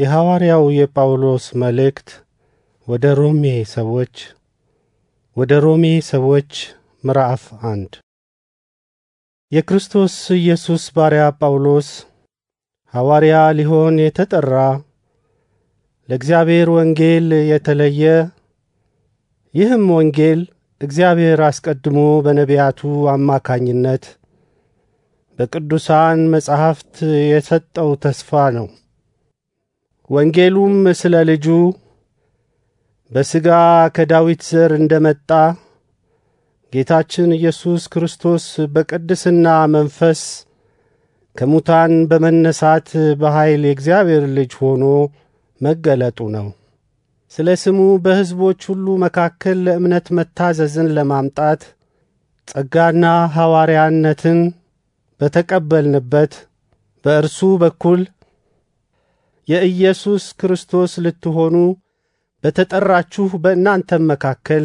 የሐዋርያው የጳውሎስ መልእክት ወደ ሮሜ ሰዎች ወደ ሮሜ ሰዎች ምዕራፍ አንድ የክርስቶስ ኢየሱስ ባሪያ ጳውሎስ ሐዋርያ ሊሆን የተጠራ ለእግዚአብሔር ወንጌል የተለየ ይህም ወንጌል እግዚአብሔር አስቀድሞ በነቢያቱ አማካኝነት በቅዱሳን መጻሕፍት የሰጠው ተስፋ ነው። ወንጌሉም ስለ ልጁ በሥጋ ከዳዊት ዘር እንደ መጣ ጌታችን ኢየሱስ ክርስቶስ በቅድስና መንፈስ ከሙታን በመነሳት በኃይል የእግዚአብሔር ልጅ ሆኖ መገለጡ ነው። ስለ ስሙ በሕዝቦች ሁሉ መካከል ለእምነት መታዘዝን ለማምጣት ጸጋና ሐዋርያነትን በተቀበልንበት በእርሱ በኩል የኢየሱስ ክርስቶስ ልትሆኑ በተጠራችሁ በእናንተም መካከል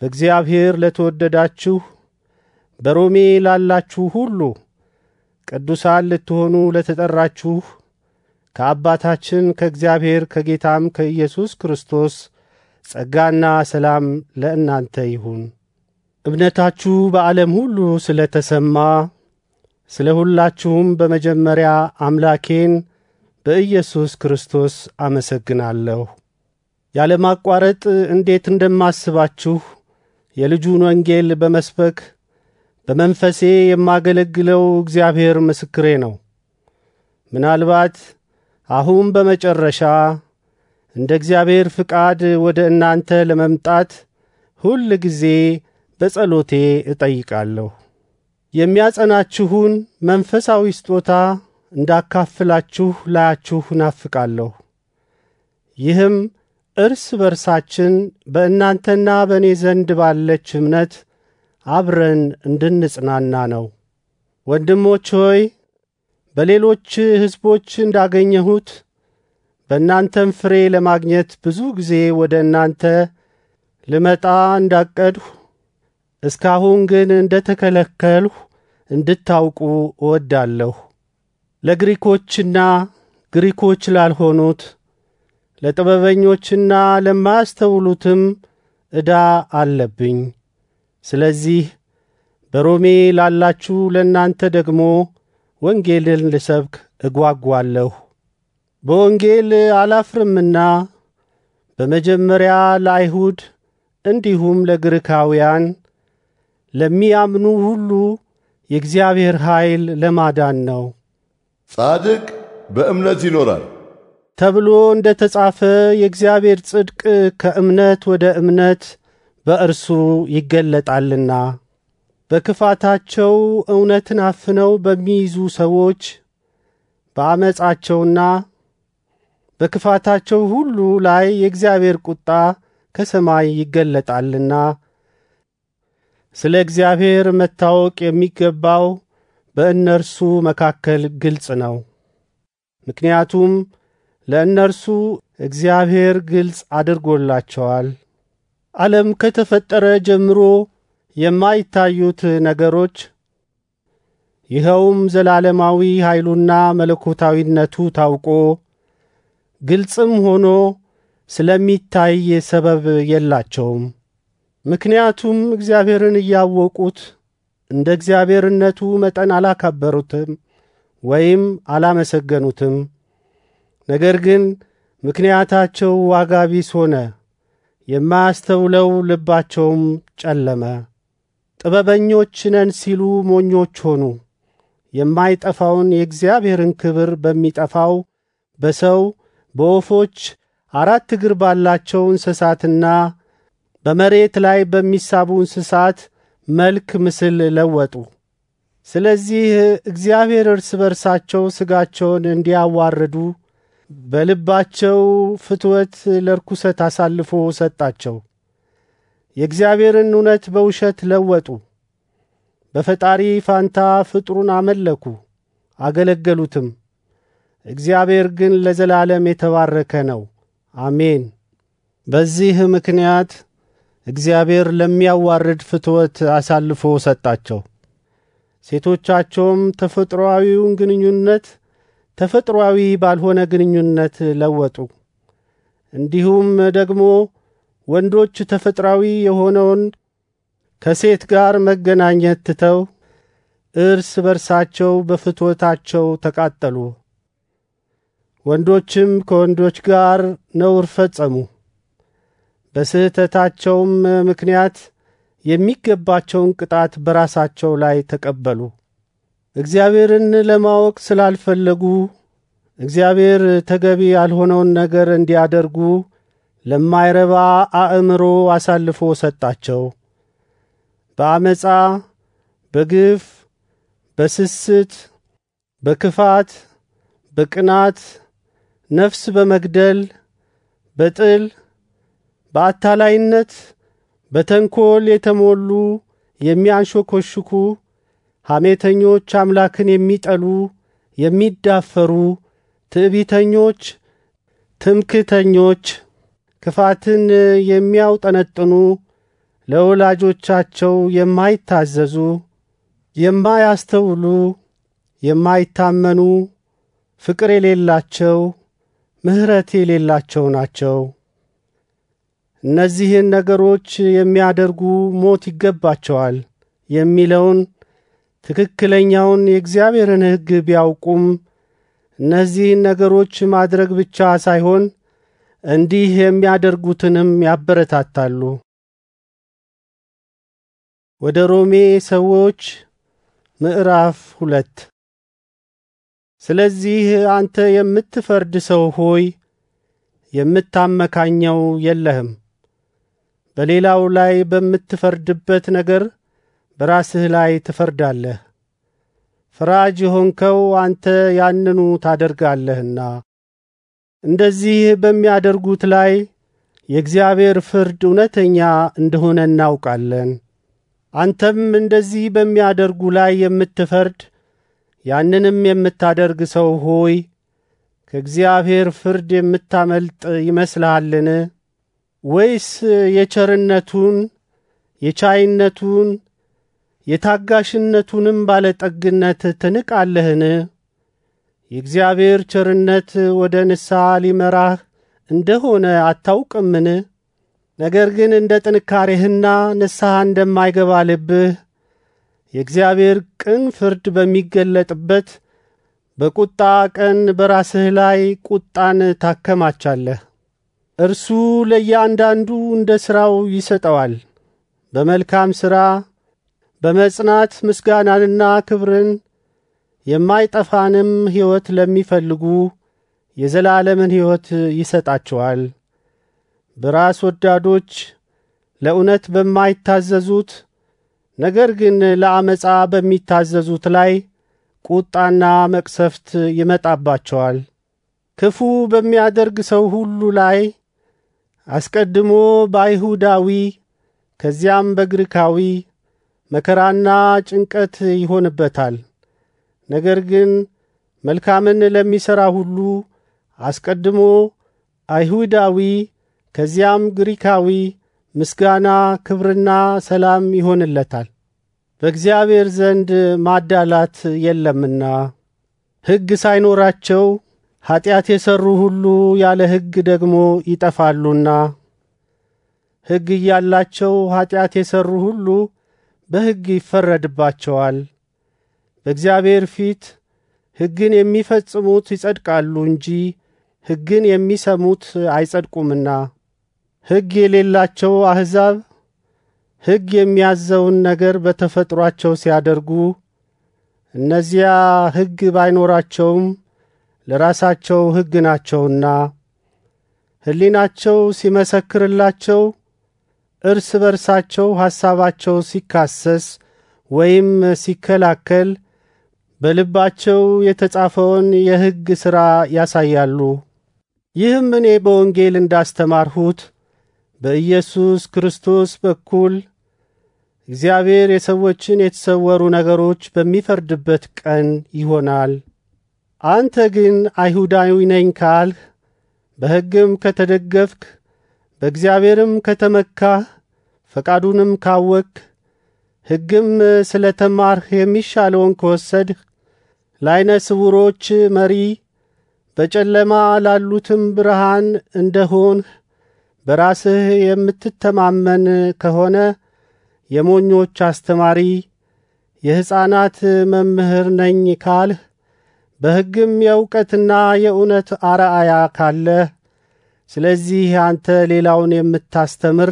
በእግዚአብሔር ለተወደዳችሁ በሮሜ ላላችሁ ሁሉ ቅዱሳን ልትሆኑ ለተጠራችሁ ከአባታችን ከእግዚአብሔር ከጌታም ከኢየሱስ ክርስቶስ ጸጋና ሰላም ለእናንተ ይሁን። እምነታችሁ በዓለም ሁሉ ስለ ተሰማ ስለ ሁላችሁም በመጀመሪያ አምላኬን በኢየሱስ ክርስቶስ አመሰግናለሁ። ያለማቋረጥ እንዴት እንደማስባችሁ የልጁን ወንጌል በመስበክ በመንፈሴ የማገለግለው እግዚአብሔር ምስክሬ ነው። ምናልባት አሁን በመጨረሻ እንደ እግዚአብሔር ፍቃድ ወደ እናንተ ለመምጣት ሁል ጊዜ በጸሎቴ እጠይቃለሁ። የሚያጸናችሁን መንፈሳዊ ስጦታ እንዳካፍላችሁ ላያችሁ ናፍቃለሁ። ይህም እርስ በርሳችን በእናንተና በእኔ ዘንድ ባለች እምነት አብረን እንድንጽናና ነው። ወንድሞች ሆይ በሌሎች ሕዝቦች እንዳገኘሁት በእናንተም ፍሬ ለማግኘት ብዙ ጊዜ ወደ እናንተ ልመጣ እንዳቀድሁ እስካሁን ግን እንደ ተከለከልሁ እንድታውቁ እወዳለሁ። ለግሪኮችና ግሪኮች ላልሆኑት ለጥበበኞችና ለማያስተውሉትም ዕዳ አለብኝ። ስለዚህ በሮሜ ላላችሁ ለእናንተ ደግሞ ወንጌልን ልሰብክ እጓጓለሁ። በወንጌል አላፍርምና በመጀመሪያ ለአይሁድ እንዲሁም ለግሪካውያን ለሚያምኑ ሁሉ የእግዚአብሔር ኃይል ለማዳን ነው። ጻድቅ በእምነት ይኖራል ተብሎ እንደ ተጻፈ የእግዚአብሔር ጽድቅ ከእምነት ወደ እምነት በእርሱ ይገለጣልና። በክፋታቸው እውነትን አፍነው በሚይዙ ሰዎች በአመፃቸውና በክፋታቸው ሁሉ ላይ የእግዚአብሔር ቁጣ ከሰማይ ይገለጣልና። ስለ እግዚአብሔር መታወቅ የሚገባው በእነርሱ መካከል ግልጽ ነው። ምክንያቱም ለእነርሱ እግዚአብሔር ግልጽ አድርጎላቸዋል። ዓለም ከተፈጠረ ጀምሮ የማይታዩት ነገሮች ይኸውም ዘላለማዊ ኃይሉና መለኮታዊነቱ ታውቆ ግልጽም ሆኖ ስለሚታይ ሰበብ የላቸውም። ምክንያቱም እግዚአብሔርን እያወቁት እንደ እግዚአብሔርነቱ መጠን አላከበሩትም ወይም አላመሰገኑትም። ነገር ግን ምክንያታቸው ዋጋ ቢስ ሆነ፣ የማያስተውለው ልባቸውም ጨለመ። ጥበበኞች ነን ሲሉ ሞኞች ሆኑ። የማይጠፋውን የእግዚአብሔርን ክብር በሚጠፋው በሰው በወፎች አራት እግር ባላቸው እንስሳትና በመሬት ላይ በሚሳቡ እንስሳት መልክ ምስል ለወጡ። ስለዚህ እግዚአብሔር እርስ በርሳቸው ሥጋቸውን እንዲያዋርዱ በልባቸው ፍትወት ለርኩሰት አሳልፎ ሰጣቸው። የእግዚአብሔርን እውነት በውሸት ለወጡ። በፈጣሪ ፋንታ ፍጥሩን አመለኩ አገለገሉትም። እግዚአብሔር ግን ለዘላለም የተባረከ ነው። አሜን። በዚህ ምክንያት እግዚአብሔር ለሚያዋርድ ፍትወት አሳልፎ ሰጣቸው። ሴቶቻቸውም ተፈጥሮአዊውን ግንኙነት ተፈጥሮአዊ ባልሆነ ግንኙነት ለወጡ። እንዲሁም ደግሞ ወንዶች ተፈጥሯዊ የሆነውን ከሴት ጋር መገናኘት ትተው እርስ በርሳቸው በፍትወታቸው ተቃጠሉ። ወንዶችም ከወንዶች ጋር ነውር ፈጸሙ። በስህተታቸውም ምክንያት የሚገባቸውን ቅጣት በራሳቸው ላይ ተቀበሉ። እግዚአብሔርን ለማወቅ ስላልፈለጉ እግዚአብሔር ተገቢ ያልሆነውን ነገር እንዲያደርጉ ለማይረባ አእምሮ አሳልፎ ሰጣቸው። በአመፃ፣ በግፍ፣ በስስት፣ በክፋት፣ በቅናት፣ ነፍስ በመግደል፣ በጥል፣ በአታላይነት በተንኮል የተሞሉ የሚያንሾኮሽኩ ሐሜተኞች፣ አምላክን የሚጠሉ የሚዳፈሩ፣ ትዕቢተኞች፣ ትምክተኞች፣ ክፋትን የሚያውጠነጥኑ፣ ለወላጆቻቸው የማይታዘዙ፣ የማያስተውሉ፣ የማይታመኑ፣ ፍቅር የሌላቸው፣ ምሕረት የሌላቸው ናቸው። እነዚህን ነገሮች የሚያደርጉ ሞት ይገባቸዋል የሚለውን ትክክለኛውን የእግዚአብሔርን ሕግ ቢያውቁም እነዚህን ነገሮች ማድረግ ብቻ ሳይሆን እንዲህ የሚያደርጉትንም ያበረታታሉ። ወደ ሮሜ ሰዎች ምዕራፍ ሁለት ስለዚህ አንተ የምትፈርድ ሰው ሆይ የምታመካኘው የለህም በሌላው ላይ በምትፈርድበት ነገር በራስህ ላይ ትፈርዳለህ። ፈራጅ የሆንከው አንተ ያንኑ ታደርጋለህና እንደዚህ በሚያደርጉት ላይ የእግዚአብሔር ፍርድ እውነተኛ እንደሆነ እናውቃለን። አንተም እንደዚህ በሚያደርጉ ላይ የምትፈርድ ያንንም የምታደርግ ሰው ሆይ ከእግዚአብሔር ፍርድ የምታመልጥ ይመስልሃልን? ወይስ የቸርነቱን የቻይነቱን የታጋሽነቱንም ባለጠግነት ትንቃለህን? የእግዚአብሔር ቸርነት ወደ ንስሐ ሊመራህ እንደሆነ አታውቅምን? ነገር ግን እንደ ጥንካሬህና ንስሐ እንደማይገባ ልብህ የእግዚአብሔር ቅን ፍርድ በሚገለጥበት በቁጣ ቀን በራስህ ላይ ቁጣን ታከማቻለህ። እርሱ ለእያንዳንዱ እንደ ሥራው ይሰጠዋል። በመልካም ሥራ በመጽናት ምስጋናንና ክብርን የማይጠፋንም ሕይወት ለሚፈልጉ የዘላለምን ሕይወት ይሰጣቸዋል። በራስ ወዳዶች ለእውነት በማይታዘዙት ነገር ግን ለአመፃ በሚታዘዙት ላይ ቁጣና መቅሰፍት ይመጣባቸዋል። ክፉ በሚያደርግ ሰው ሁሉ ላይ አስቀድሞ በአይሁዳዊ ከዚያም በግሪካዊ መከራና ጭንቀት ይሆንበታል። ነገር ግን መልካምን ለሚሠራ ሁሉ አስቀድሞ አይሁዳዊ ከዚያም ግሪካዊ ምስጋና፣ ክብርና ሰላም ይሆንለታል። በእግዚአብሔር ዘንድ ማዳላት የለምና ሕግ ሳይኖራቸው ኀጢአት የሠሩ ሁሉ ያለ ሕግ ደግሞ ይጠፋሉና ሕግ እያላቸው ኀጢአት የሠሩ ሁሉ በሕግ ይፈረድባቸዋል። በእግዚአብሔር ፊት ሕግን የሚፈጽሙት ይጸድቃሉ እንጂ ሕግን የሚሰሙት አይጸድቁምና። ሕግ የሌላቸው አሕዛብ ሕግ የሚያዘውን ነገር በተፈጥሯቸው ሲያደርጉ እነዚያ ሕግ ባይኖራቸውም ለራሳቸው ሕግ ናቸውና ሕሊናቸው ሲመሰክርላቸው እርስ በርሳቸው ሐሳባቸው ሲካሰስ ወይም ሲከላከል በልባቸው የተጻፈውን የሕግ ሥራ ያሳያሉ። ይህም እኔ በወንጌል እንዳስተማርሁት በኢየሱስ ክርስቶስ በኩል እግዚአብሔር የሰዎችን የተሰወሩ ነገሮች በሚፈርድበት ቀን ይሆናል። አንተ ግን አይሁዳዊ ነኝ ካልህ በሕግም ከተደገፍክ በእግዚአብሔርም ከተመካህ ፈቃዱንም ካወክ ሕግም ስለ ተማርህ የሚሻለውን ከወሰድህ ለዓይነ ስውሮች መሪ በጨለማ ላሉትም ብርሃን እንደሆንህ በራስህ የምትተማመን ከሆነ የሞኞች አስተማሪ የሕፃናት መምህር ነኝ ካልህ በሕግም የእውቀትና የእውነት አርአያ ካለህ፣ ስለዚህ አንተ ሌላውን የምታስተምር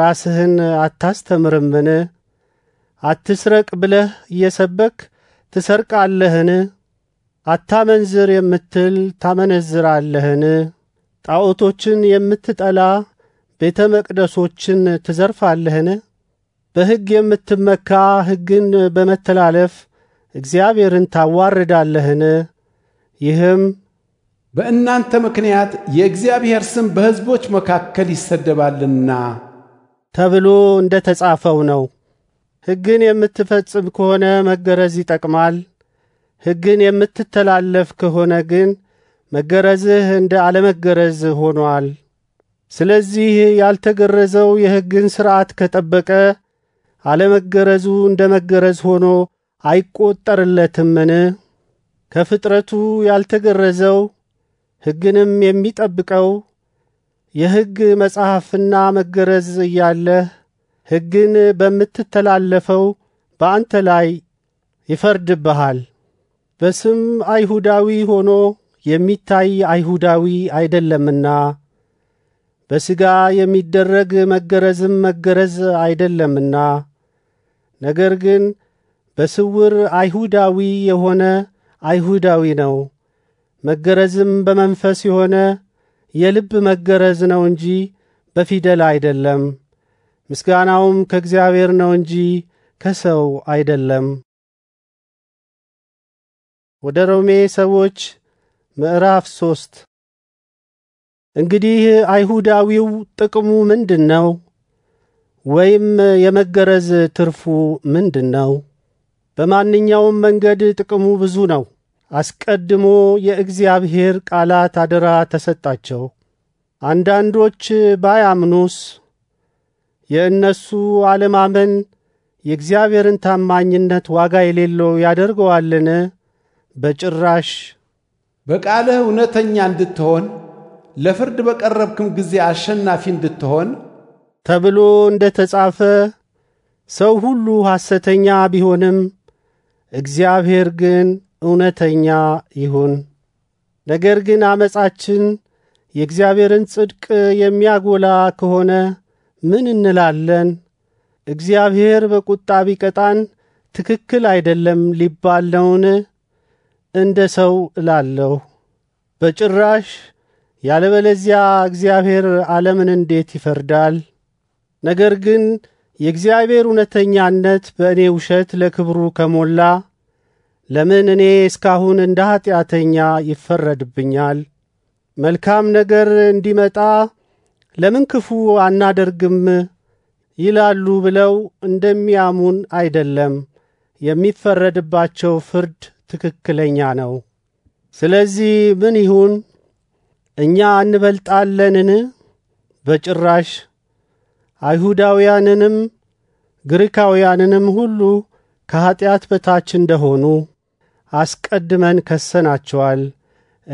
ራስህን አታስተምርምን? አትስረቅ ብለህ እየሰበክ ትሰርቃለህን? አታመንዝር የምትል ታመነዝራለህን? ጣዖቶችን የምትጠላ ቤተ መቅደሶችን ትዘርፋለህን? በሕግ የምትመካ ሕግን በመተላለፍ እግዚአብሔርን ታዋርዳለህን? ይህም በእናንተ ምክንያት የእግዚአብሔር ስም በሕዝቦች መካከል ይሰደባልና ተብሎ እንደ ተጻፈው ነው። ሕግን የምትፈጽም ከሆነ መገረዝ ይጠቅማል። ሕግን የምትተላለፍ ከሆነ ግን መገረዝህ እንደ አለመገረዝ ሆኗል። ስለዚህ ያልተገረዘው የሕግን ሥርዓት ከጠበቀ አለመገረዙ እንደ መገረዝ ሆኖ አይቆጠርለትምን? ከፍጥረቱ ያልተገረዘው ሕግንም የሚጠብቀው የሕግ መጽሐፍና መገረዝ እያለህ ሕግን በምትተላለፈው በአንተ ላይ ይፈርድብሃል። በስም አይሁዳዊ ሆኖ የሚታይ አይሁዳዊ አይደለምና በሥጋ የሚደረግ መገረዝም መገረዝ አይደለምና ነገር ግን በስውር አይሁዳዊ የሆነ አይሁዳዊ ነው። መገረዝም በመንፈስ የሆነ የልብ መገረዝ ነው እንጂ በፊደል አይደለም። ምስጋናውም ከእግዚአብሔር ነው እንጂ ከሰው አይደለም። ወደ ሮሜ ሰዎች ምዕራፍ ሶስት እንግዲህ አይሁዳዊው ጥቅሙ ምንድን ነው? ወይም የመገረዝ ትርፉ ምንድን ነው? በማንኛውም መንገድ ጥቅሙ ብዙ ነው። አስቀድሞ የእግዚአብሔር ቃላት አደራ ተሰጣቸው። አንዳንዶች ባያምኑስ የእነሱ አለማመን የእግዚአብሔርን ታማኝነት ዋጋ የሌለው ያደርገዋልን? በጭራሽ። በቃልህ እውነተኛ እንድትሆን ለፍርድ በቀረብክም ጊዜ አሸናፊ እንድትሆን ተብሎ እንደ ተጻፈ ሰው ሁሉ ሐሰተኛ ቢሆንም እግዚአብሔር ግን እውነተኛ ይሁን። ነገር ግን አመጻችን የእግዚአብሔርን ጽድቅ የሚያጎላ ከሆነ ምን እንላለን? እግዚአብሔር በቁጣ ቢቀጣን ትክክል አይደለም ሊባል ነውን? እንደ ሰው እላለሁ። በጭራሽ! ያለበለዚያ እግዚአብሔር ዓለምን እንዴት ይፈርዳል? ነገር ግን የእግዚአብሔር እውነተኛነት በእኔ ውሸት ለክብሩ ከሞላ ለምን እኔ እስካሁን እንደ ኀጢአተኛ ይፈረድብኛል? መልካም ነገር እንዲመጣ ለምን ክፉ አናደርግም ይላሉ ብለው እንደሚያሙን አይደለም። የሚፈረድባቸው ፍርድ ትክክለኛ ነው። ስለዚህ ምን ይሁን? እኛ እንበልጣለንን? በጭራሽ። አይሁዳውያንንም ግሪካውያንንም ሁሉ ከኀጢአት በታች እንደሆኑ አስቀድመን ከሰናቸዋል።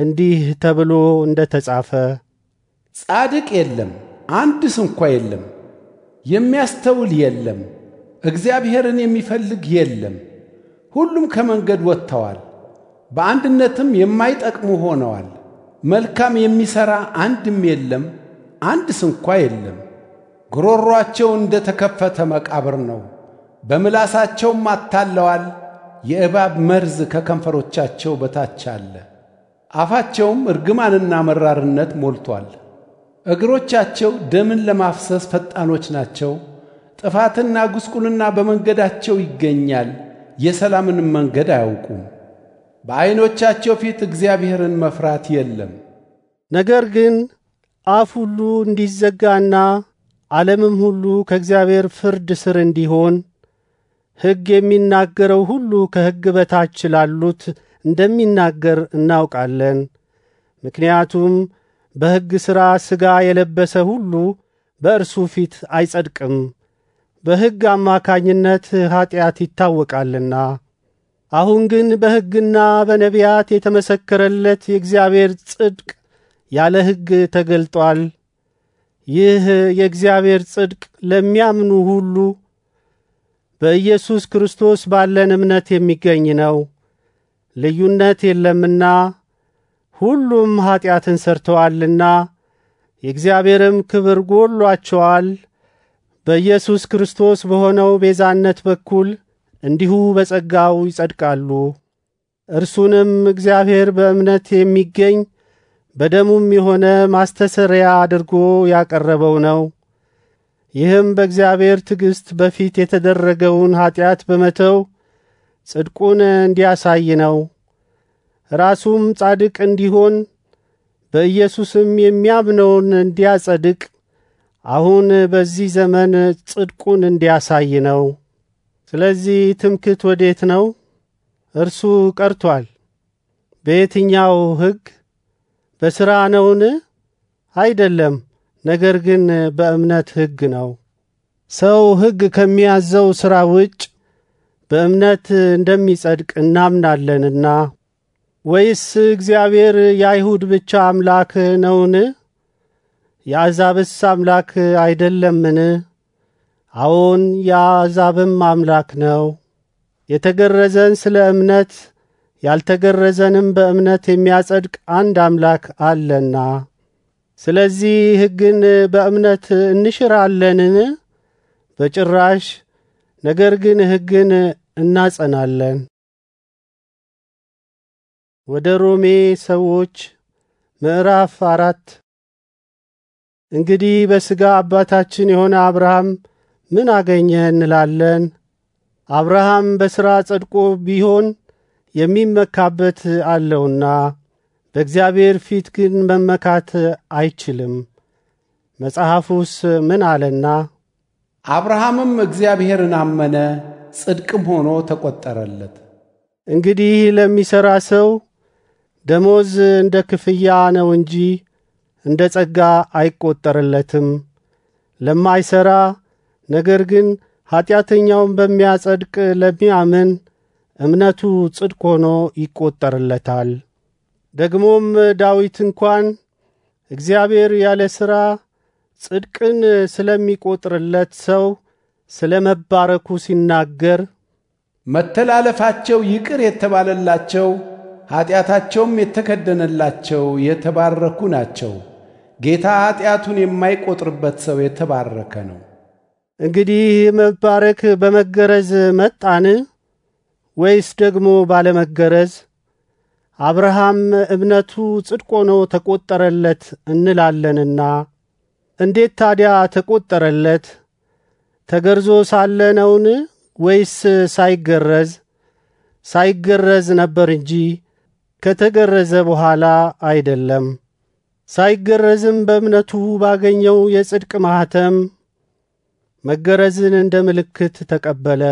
እንዲህ ተብሎ እንደ ተጻፈ ጻድቅ የለም አንድ ስንኳ የለም፣ የሚያስተውል የለም፣ እግዚአብሔርን የሚፈልግ የለም። ሁሉም ከመንገድ ወጥተዋል፣ በአንድነትም የማይጠቅሙ ሆነዋል። መልካም የሚሰራ አንድም የለም፣ አንድ ስንኳ የለም። ጉሮሯቸው እንደ ተከፈተ መቃብር ነው። በምላሳቸውም አታለዋል። የእባብ መርዝ ከከንፈሮቻቸው በታች አለ። አፋቸውም እርግማንና መራርነት ሞልቷል። እግሮቻቸው ደምን ለማፍሰስ ፈጣኖች ናቸው። ጥፋትና ጉስቁልና በመንገዳቸው ይገኛል። የሰላምንም መንገድ አያውቁም። በዐይኖቻቸው ፊት እግዚአብሔርን መፍራት የለም። ነገር ግን አፍ ሁሉ እንዲዘጋና ዓለምም ሁሉ ከእግዚአብሔር ፍርድ ስር እንዲሆን ሕግ የሚናገረው ሁሉ ከሕግ በታች ላሉት እንደሚናገር እናውቃለን። ምክንያቱም በሕግ ሥራ ሥጋ የለበሰ ሁሉ በእርሱ ፊት አይጸድቅም፣ በሕግ አማካኝነት ኀጢአት ይታወቃልና። አሁን ግን በሕግና በነቢያት የተመሰከረለት የእግዚአብሔር ጽድቅ ያለ ሕግ ተገልጧል። ይህ የእግዚአብሔር ጽድቅ ለሚያምኑ ሁሉ በኢየሱስ ክርስቶስ ባለን እምነት የሚገኝ ነው። ልዩነት የለምና ሁሉም ኀጢአትን ሰርተዋልና የእግዚአብሔርም ክብር ጎሏቸዋል። በኢየሱስ ክርስቶስ በሆነው ቤዛነት በኩል እንዲሁ በጸጋው ይጸድቃሉ። እርሱንም እግዚአብሔር በእምነት የሚገኝ በደሙም የሆነ ማስተሰሪያ አድርጎ ያቀረበው ነው። ይህም በእግዚአብሔር ትዕግሥት በፊት የተደረገውን ኀጢአት በመተው ጽድቁን እንዲያሳይ ነው። ራሱም ጻድቅ እንዲሆን በኢየሱስም የሚያምነውን እንዲያጸድቅ አሁን በዚህ ዘመን ጽድቁን እንዲያሳይ ነው። ስለዚህ ትምክት ወዴት ነው? እርሱ ቀርቷል። በየትኛው ሕግ? በሥራ ነውን? አይደለም፣ ነገር ግን በእምነት ሕግ ነው። ሰው ሕግ ከሚያዘው ሥራ ውጭ በእምነት እንደሚጸድቅ እናምናለንና። ወይስ እግዚአብሔር የአይሁድ ብቻ አምላክ ነውን? የአሕዛብስ አምላክ አይደለምን? አዎን፣ የአሕዛብም አምላክ ነው። የተገረዘን ስለ እምነት ያልተገረዘንም በእምነት የሚያጸድቅ አንድ አምላክ አለና። ስለዚህ ሕግን በእምነት እንሽራለንን? በጭራሽ። ነገር ግን ሕግን እናጸናለን። ወደ ሮሜ ሰዎች ምዕራፍ አራት እንግዲህ በሥጋ አባታችን የሆነ አብርሃም ምን አገኘ እንላለን? አብርሃም በሥራ ጸድቆ ቢሆን የሚመካበት አለውና በእግዚአብሔር ፊት ግን መመካት አይችልም። መጽሐፉስ ምን አለና? አብርሃምም እግዚአብሔርን አመነ፣ ጽድቅም ሆኖ ተቆጠረለት። እንግዲህ ለሚሠራ ሰው ደሞዝ እንደ ክፍያ ነው እንጂ እንደ ጸጋ አይቈጠርለትም። ለማይሠራ ነገር ግን ኀጢአተኛውን በሚያጸድቅ ለሚያምን እምነቱ ጽድቅ ሆኖ ይቈጠርለታል። ደግሞም ዳዊት እንኳን እግዚአብሔር ያለ ሥራ ጽድቅን ስለሚቆጥርለት ሰው ስለ መባረኩ ሲናገር መተላለፋቸው ይቅር የተባለላቸው ኀጢአታቸውም የተከደነላቸው የተባረኩ ናቸው። ጌታ ኀጢአቱን የማይቆጥርበት ሰው የተባረከ ነው። እንግዲህ መባረክ በመገረዝ መጣን? ወይስ ደግሞ ባለመገረዝ አብርሃም እምነቱ ጽድቅ ሆኖ ተቈጠረለት እንላለንና እንዴት ታዲያ ተቈጠረለት? ተገርዞ ሳለ ነውን? ወይስ ሳይገረዝ? ሳይገረዝ ነበር እንጂ ከተገረዘ በኋላ አይደለም። ሳይገረዝም በእምነቱ ባገኘው የጽድቅ ማኅተም መገረዝን እንደ ምልክት ተቀበለ።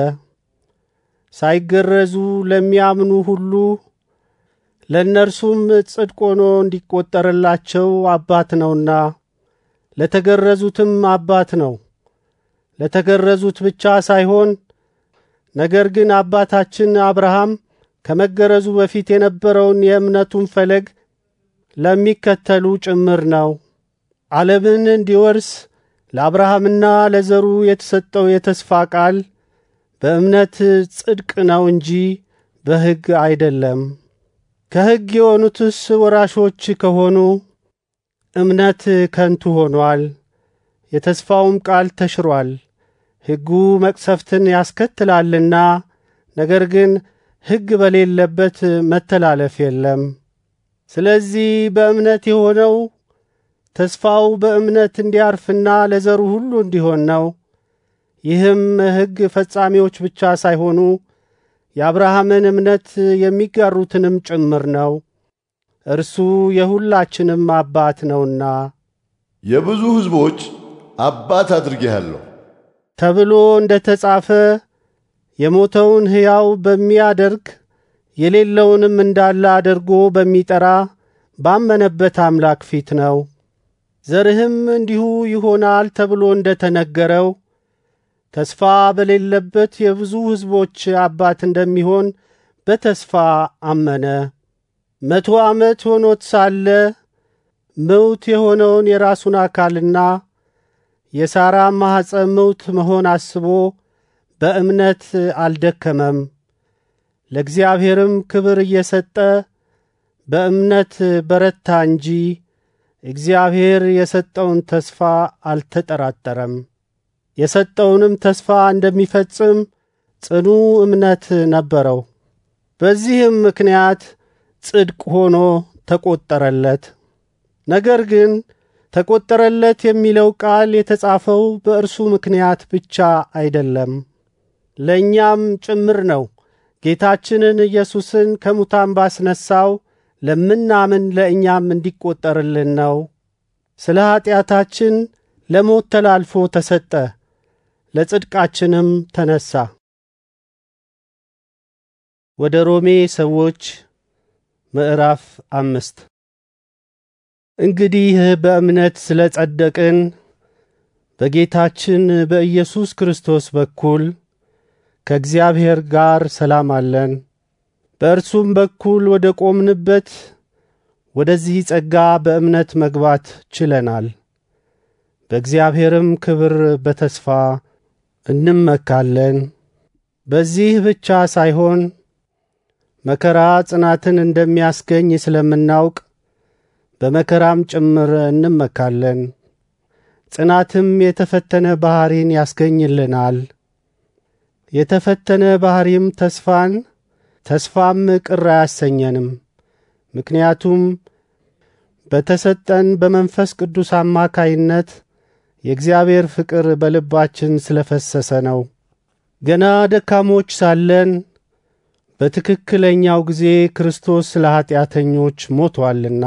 ሳይገረዙ ለሚያምኑ ሁሉ ለእነርሱም ጽድቅ ሆኖ እንዲቆጠርላቸው አባት ነውና ለተገረዙትም አባት ነው። ለተገረዙት ብቻ ሳይሆን ነገር ግን አባታችን አብርሃም ከመገረዙ በፊት የነበረውን የእምነቱን ፈለግ ለሚከተሉ ጭምር ነው። ዓለምን እንዲወርስ ለአብርሃምና ለዘሩ የተሰጠው የተስፋ ቃል በእምነት ጽድቅ ነው እንጂ በሕግ አይደለም። ከሕግ የሆኑትስ ወራሾች ከሆኑ እምነት ከንቱ ሆኗል፣ የተስፋውም ቃል ተሽሯል። ሕጉ መቅሰፍትን ያስከትላልና፣ ነገር ግን ሕግ በሌለበት መተላለፍ የለም። ስለዚህ በእምነት የሆነው ተስፋው በእምነት እንዲያርፍና ለዘሩ ሁሉ እንዲሆን ነው። ይህም ሕግ ፈጻሚዎች ብቻ ሳይሆኑ የአብርሃምን እምነት የሚጋሩትንም ጭምር ነው። እርሱ የሁላችንም አባት ነውና የብዙ ሕዝቦች አባት አድርጌሃለሁ ተብሎ እንደ ተጻፈ የሞተውን ሕያው በሚያደርግ የሌለውንም እንዳለ አድርጎ በሚጠራ ባመነበት አምላክ ፊት ነው። ዘርህም እንዲሁ ይሆናል ተብሎ እንደ ተነገረው ተስፋ በሌለበት የብዙ ሕዝቦች አባት እንደሚሆን በተስፋ አመነ። መቶ ዓመት ሆኖት ሳለ ምውት የሆነውን የራሱን አካልና የሳራ ማኅፀን ምውት መሆን አስቦ በእምነት አልደከመም። ለእግዚአብሔርም ክብር እየሰጠ በእምነት በረታ እንጂ እግዚአብሔር የሰጠውን ተስፋ አልተጠራጠረም። የሰጠውንም ተስፋ እንደሚፈጽም ጽኑ እምነት ነበረው። በዚህም ምክንያት ጽድቅ ሆኖ ተቆጠረለት። ነገር ግን ተቆጠረለት የሚለው ቃል የተጻፈው በእርሱ ምክንያት ብቻ አይደለም፣ ለእኛም ጭምር ነው። ጌታችንን ኢየሱስን ከሙታን ባስነሳው ለምናምን ለእኛም እንዲቆጠርልን ነው። ስለ ኀጢአታችን ለሞት ተላልፎ ተሰጠ። ለጽድቃችንም ተነሳ። ወደ ሮሜ ሰዎች ምዕራፍ አምስት እንግዲህ በእምነት ስለ ጸደቅን በጌታችን በኢየሱስ ክርስቶስ በኩል ከእግዚአብሔር ጋር ሰላም አለን። በእርሱም በኩል ወደ ቆምንበት ወደዚህ ጸጋ በእምነት መግባት ችለናል። በእግዚአብሔርም ክብር በተስፋ እንመካለን። በዚህ ብቻ ሳይሆን መከራ ጽናትን እንደሚያስገኝ ስለምናውቅ በመከራም ጭምር እንመካለን። ጽናትም የተፈተነ ባህሪን ያስገኝልናል። የተፈተነ ባሕሪም ተስፋን፣ ተስፋም ቅር አያሰኘንም። ምክንያቱም በተሰጠን በመንፈስ ቅዱስ አማካይነት የእግዚአብሔር ፍቅር በልባችን ስለፈሰሰ ነው። ገና ደካሞች ሳለን በትክክለኛው ጊዜ ክርስቶስ ስለ ኀጢአተኞች ሞቶአልና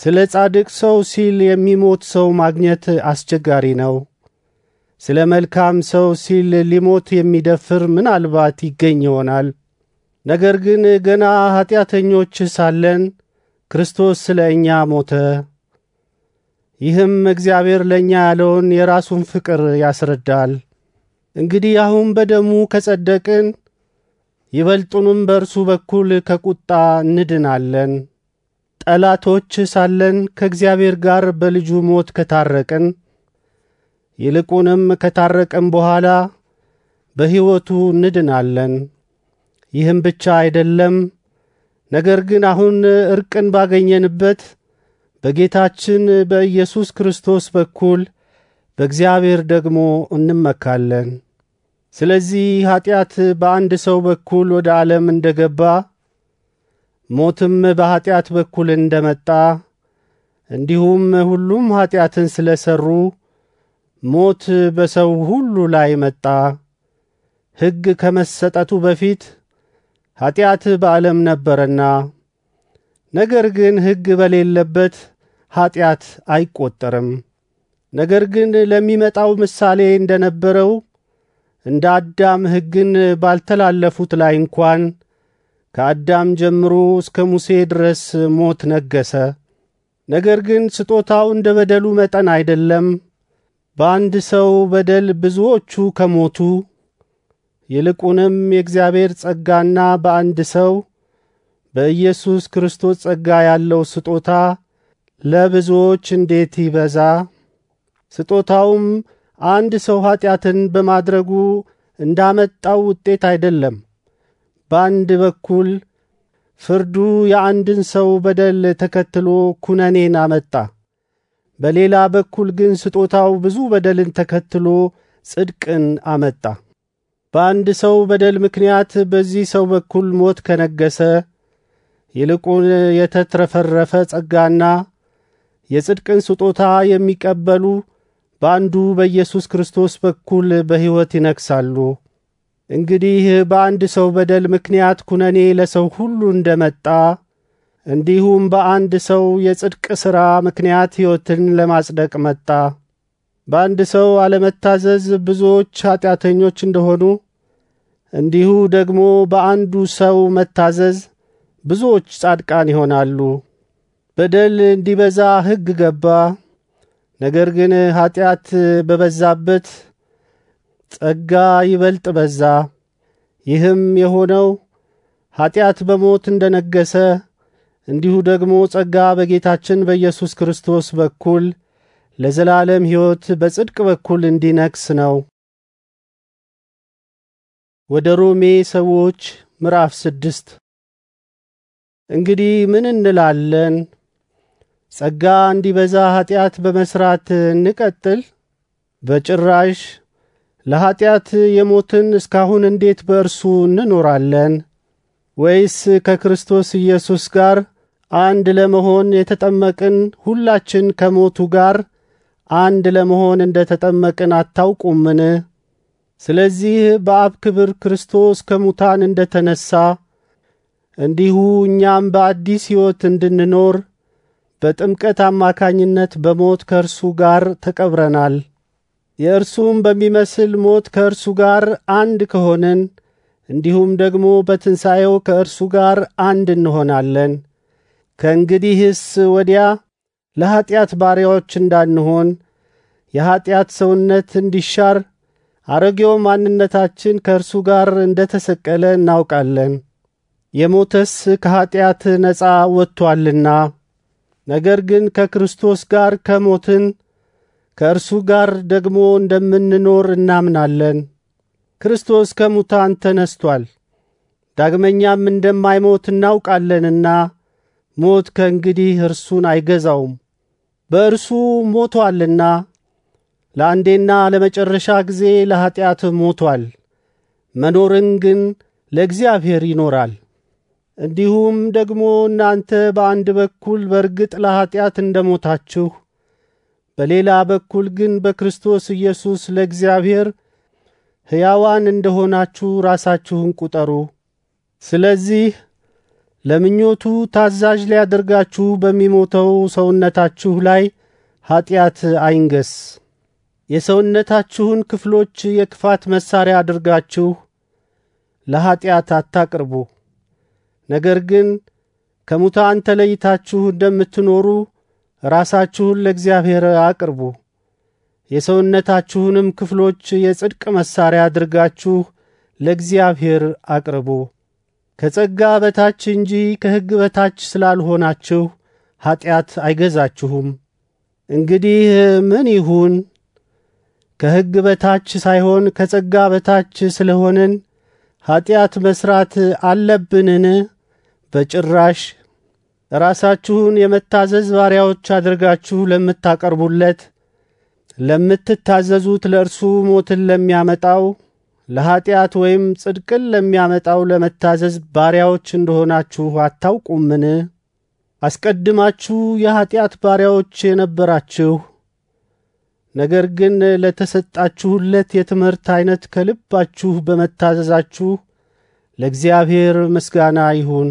ስለ ጻድቅ ሰው ሲል የሚሞት ሰው ማግኘት አስቸጋሪ ነው። ስለ መልካም ሰው ሲል ሊሞት የሚደፍር ምናልባት ይገኝ ይሆናል። ነገር ግን ገና ኀጢአተኞች ሳለን ክርስቶስ ስለ እኛ ሞተ። ይህም እግዚአብሔር ለእኛ ያለውን የራሱን ፍቅር ያስረዳል። እንግዲህ አሁን በደሙ ከጸደቅን ይበልጡንም በእርሱ በኩል ከቁጣ እንድናለን። ጠላቶች ሳለን ከእግዚአብሔር ጋር በልጁ ሞት ከታረቅን፣ ይልቁንም ከታረቅን በኋላ በሕይወቱ እንድናለን። ይህም ብቻ አይደለም፣ ነገር ግን አሁን እርቅን ባገኘንበት በጌታችን በኢየሱስ ክርስቶስ በኩል በእግዚአብሔር ደግሞ እንመካለን። ስለዚህ ኀጢአት በአንድ ሰው በኩል ወደ ዓለም እንደ ገባ ሞትም በኀጢአት በኩል እንደ መጣ እንዲሁም ሁሉም ኀጢአትን ስለ ሠሩ ሞት በሰው ሁሉ ላይ መጣ። ሕግ ከመሰጠቱ በፊት ኀጢአት በዓለም ነበረና፣ ነገር ግን ሕግ በሌለበት ኀጢአት አይቈጠርም። ነገር ግን ለሚመጣው ምሳሌ እንደነበረው እንደ አዳም ሕግን ባልተላለፉት ላይ እንኳን ከአዳም ጀምሮ እስከ ሙሴ ድረስ ሞት ነገሰ። ነገር ግን ስጦታው እንደ በደሉ መጠን አይደለም። በአንድ ሰው በደል ብዙዎቹ ከሞቱ ይልቁንም የእግዚአብሔር ጸጋና በአንድ ሰው በኢየሱስ ክርስቶስ ጸጋ ያለው ስጦታ ለብዙዎች እንዴት ይበዛ! ስጦታውም አንድ ሰው ኀጢአትን በማድረጉ እንዳመጣው ውጤት አይደለም። በአንድ በኩል ፍርዱ የአንድን ሰው በደል ተከትሎ ኩነኔን አመጣ። በሌላ በኩል ግን ስጦታው ብዙ በደልን ተከትሎ ጽድቅን አመጣ። በአንድ ሰው በደል ምክንያት በዚህ ሰው በኩል ሞት ከነገሰ፣ ይልቁን የተትረፈረፈ ጸጋና የጽድቅን ስጦታ የሚቀበሉ በአንዱ በኢየሱስ ክርስቶስ በኩል በሕይወት ይነግሳሉ። እንግዲህ በአንድ ሰው በደል ምክንያት ኩነኔ ለሰው ሁሉ እንደመጣ እንዲሁም በአንድ ሰው የጽድቅ ሥራ ምክንያት ሕይወትን ለማጽደቅ መጣ። በአንድ ሰው አለመታዘዝ ብዙዎች ኀጢአተኞች እንደሆኑ እንዲሁ ደግሞ በአንዱ ሰው መታዘዝ ብዙዎች ጻድቃን ይሆናሉ። በደል እንዲበዛ ሕግ ገባ። ነገር ግን ኀጢአት በበዛበት ጸጋ ይበልጥ በዛ። ይህም የሆነው ኀጢአት በሞት እንደ ነገሰ እንዲሁ ደግሞ ጸጋ በጌታችን በኢየሱስ ክርስቶስ በኩል ለዘላለም ሕይወት በጽድቅ በኩል እንዲነግስ ነው። ወደ ሮሜ ሰዎች ምዕራፍ ስድስት እንግዲህ ምን እንላለን? ጸጋ እንዲበዛ ኀጢአት በመስራት እንቀጥል? በጭራሽ! ለኀጢአት የሞትን እስካሁን እንዴት በእርሱ እንኖራለን? ወይስ ከክርስቶስ ኢየሱስ ጋር አንድ ለመሆን የተጠመቅን ሁላችን ከሞቱ ጋር አንድ ለመሆን እንደ ተጠመቅን አታውቁምን? ስለዚህ በአብ ክብር ክርስቶስ ከሙታን እንደ ተነሣ እንዲሁ እኛም በአዲስ ሕይወት እንድንኖር በጥምቀት አማካኝነት በሞት ከእርሱ ጋር ተቀብረናል። የእርሱም በሚመስል ሞት ከእርሱ ጋር አንድ ከሆንን እንዲሁም ደግሞ በትንሣኤው ከእርሱ ጋር አንድ እንሆናለን። ከእንግዲህስ ወዲያ ለኀጢአት ባሪያዎች እንዳንሆን የኀጢአት ሰውነት እንዲሻር አሮጌው ማንነታችን ከእርሱ ጋር እንደ ተሰቀለ እናውቃለን። የሞተስ ከኀጢአት ነፃ ወጥቶአልና ነገር ግን ከክርስቶስ ጋር ከሞትን ከእርሱ ጋር ደግሞ እንደምንኖር እናምናለን። ክርስቶስ ከሙታን ተነስቷል፣ ዳግመኛም እንደማይሞት እናውቃለንና ሞት ከእንግዲህ እርሱን አይገዛውም። በእርሱ ሞቶአልና ለአንዴና ለመጨረሻ ጊዜ ለኀጢአት ሞቶአል፣ መኖርን ግን ለእግዚአብሔር ይኖራል። እንዲሁም ደግሞ እናንተ በአንድ በኩል በርግጥ ለኀጢአት እንደሞታችሁ በሌላ በኩል ግን በክርስቶስ ኢየሱስ ለእግዚአብሔር ሕያዋን እንደሆናችሁ ራሳችሁን ቁጠሩ። ስለዚህ ለምኞቱ ታዛዥ ሊያደርጋችሁ በሚሞተው ሰውነታችሁ ላይ ኀጢአት አይንገስ። የሰውነታችሁን ክፍሎች የክፋት መሳሪያ አድርጋችሁ ለኀጢአት አታቅርቡ። ነገር ግን ከሙታን ተለይታችሁ እንደምትኖሩ ራሳችሁን ለእግዚአብሔር አቅርቡ። የሰውነታችሁንም ክፍሎች የጽድቅ መሳሪያ አድርጋችሁ ለእግዚአብሔር አቅርቡ። ከጸጋ በታች እንጂ ከሕግ በታች ስላልሆናችሁ ኀጢአት አይገዛችሁም። እንግዲህ ምን ይሁን? ከሕግ በታች ሳይሆን ከጸጋ በታች ስለሆንን ኀጢአት መስራት አለብንን? በጭራሽ ራሳችሁን የመታዘዝ ባሪያዎች አድርጋችሁ ለምታቀርቡለት ለምትታዘዙት ለእርሱ ሞትን ለሚያመጣው ለኀጢአት ወይም ጽድቅን ለሚያመጣው ለመታዘዝ ባሪያዎች እንደሆናችሁ አታውቁምን? አስቀድማችሁ የኀጢአት ባሪያዎች የነበራችሁ፣ ነገር ግን ለተሰጣችሁለት የትምህርት አይነት ከልባችሁ በመታዘዛችሁ ለእግዚአብሔር ምስጋና ይሁን።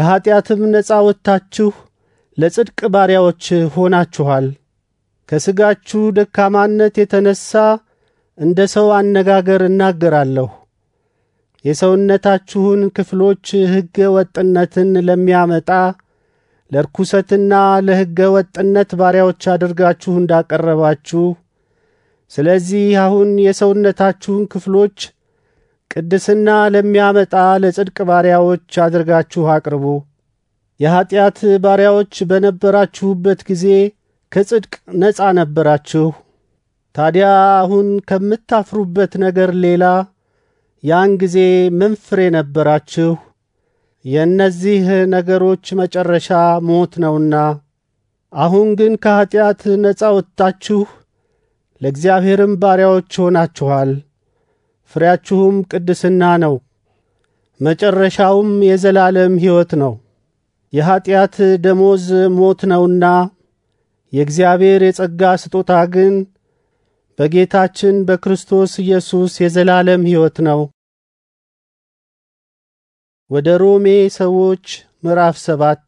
ከኀጢአትም ነፃ ወጥታችሁ ለጽድቅ ባሪያዎች ሆናችኋል። ከሥጋችሁ ደካማነት የተነሣ እንደ ሰው አነጋገር እናገራለሁ። የሰውነታችሁን ክፍሎች ሕገ ወጥነትን ለሚያመጣ ለርኩሰትና ለሕገ ወጥነት ባሪያዎች አድርጋችሁ እንዳቀረባችሁ፣ ስለዚህ አሁን የሰውነታችሁን ክፍሎች ቅድስና ለሚያመጣ ለጽድቅ ባሪያዎች አድርጋችሁ አቅርቡ። የኀጢአት ባሪያዎች በነበራችሁበት ጊዜ ከጽድቅ ነፃ ነበራችሁ። ታዲያ አሁን ከምታፍሩበት ነገር ሌላ ያን ጊዜ ምን ፍሬ ነበራችሁ? የእነዚህ ነገሮች መጨረሻ ሞት ነውና። አሁን ግን ከኀጢአት ነፃ ወጥታችሁ ለእግዚአብሔርም ባሪያዎች ሆናችኋል። ፍሬያችሁም ቅድስና ነው፣ መጨረሻውም የዘላለም ሕይወት ነው። የኀጢአት ደሞዝ ሞት ነውና የእግዚአብሔር የጸጋ ስጦታ ግን በጌታችን በክርስቶስ ኢየሱስ የዘላለም ሕይወት ነው። ወደ ሮሜ ሰዎች ምዕራፍ ሰባት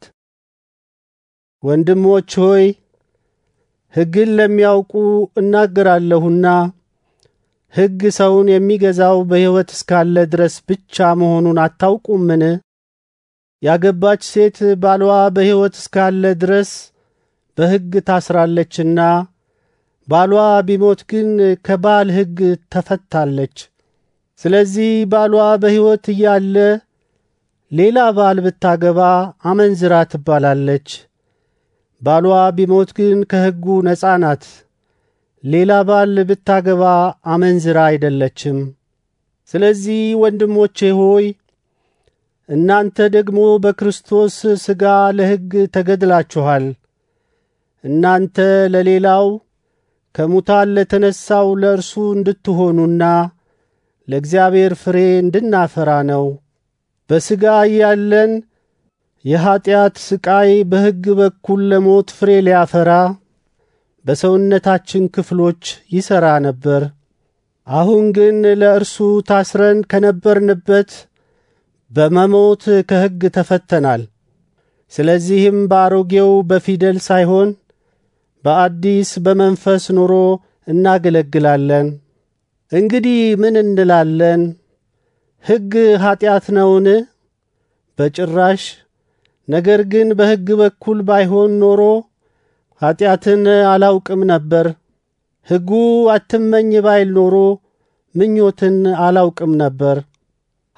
ወንድሞች ሆይ ሕግን ለሚያውቁ እናገራለሁና ሕግ ሰውን የሚገዛው በሕይወት እስካለ ድረስ ብቻ መሆኑን አታውቁምን? ያገባች ሴት ባሏ በሕይወት እስካለ ድረስ በሕግ ታስራለችና፣ ባሏ ቢሞት ግን ከባል ሕግ ተፈታለች። ስለዚህ ባሏ በሕይወት እያለ ሌላ ባል ብታገባ አመንዝራ ትባላለች። ባሏ ቢሞት ግን ከሕጉ ነፃ ናት። ሌላ ባል ብታገባ አመንዝራ አይደለችም። ስለዚህ ወንድሞቼ ሆይ እናንተ ደግሞ በክርስቶስ ሥጋ ለሕግ ተገድላችኋል። እናንተ ለሌላው ከሙታን ለተነሳው ለእርሱ እንድትሆኑና ለእግዚአብሔር ፍሬ እንድናፈራ ነው። በሥጋ ያለን የኀጢአት ሥቃይ በሕግ በኩል ለሞት ፍሬ ሊያፈራ በሰውነታችን ክፍሎች ይሠራ ነበር። አሁን ግን ለእርሱ ታስረን ከነበርንበት በመሞት ከሕግ ተፈተናል። ስለዚህም በአሮጌው በፊደል ሳይሆን በአዲስ በመንፈስ ኑሮ እናገለግላለን። እንግዲህ ምን እንላለን? ሕግ ኀጢአት ነውን? በጭራሽ። ነገር ግን በሕግ በኩል ባይሆን ኖሮ ኀጢአትን አላውቅም ነበር። ሕጉ አትመኝ ባይል ኖሮ ምኞትን አላውቅም ነበር።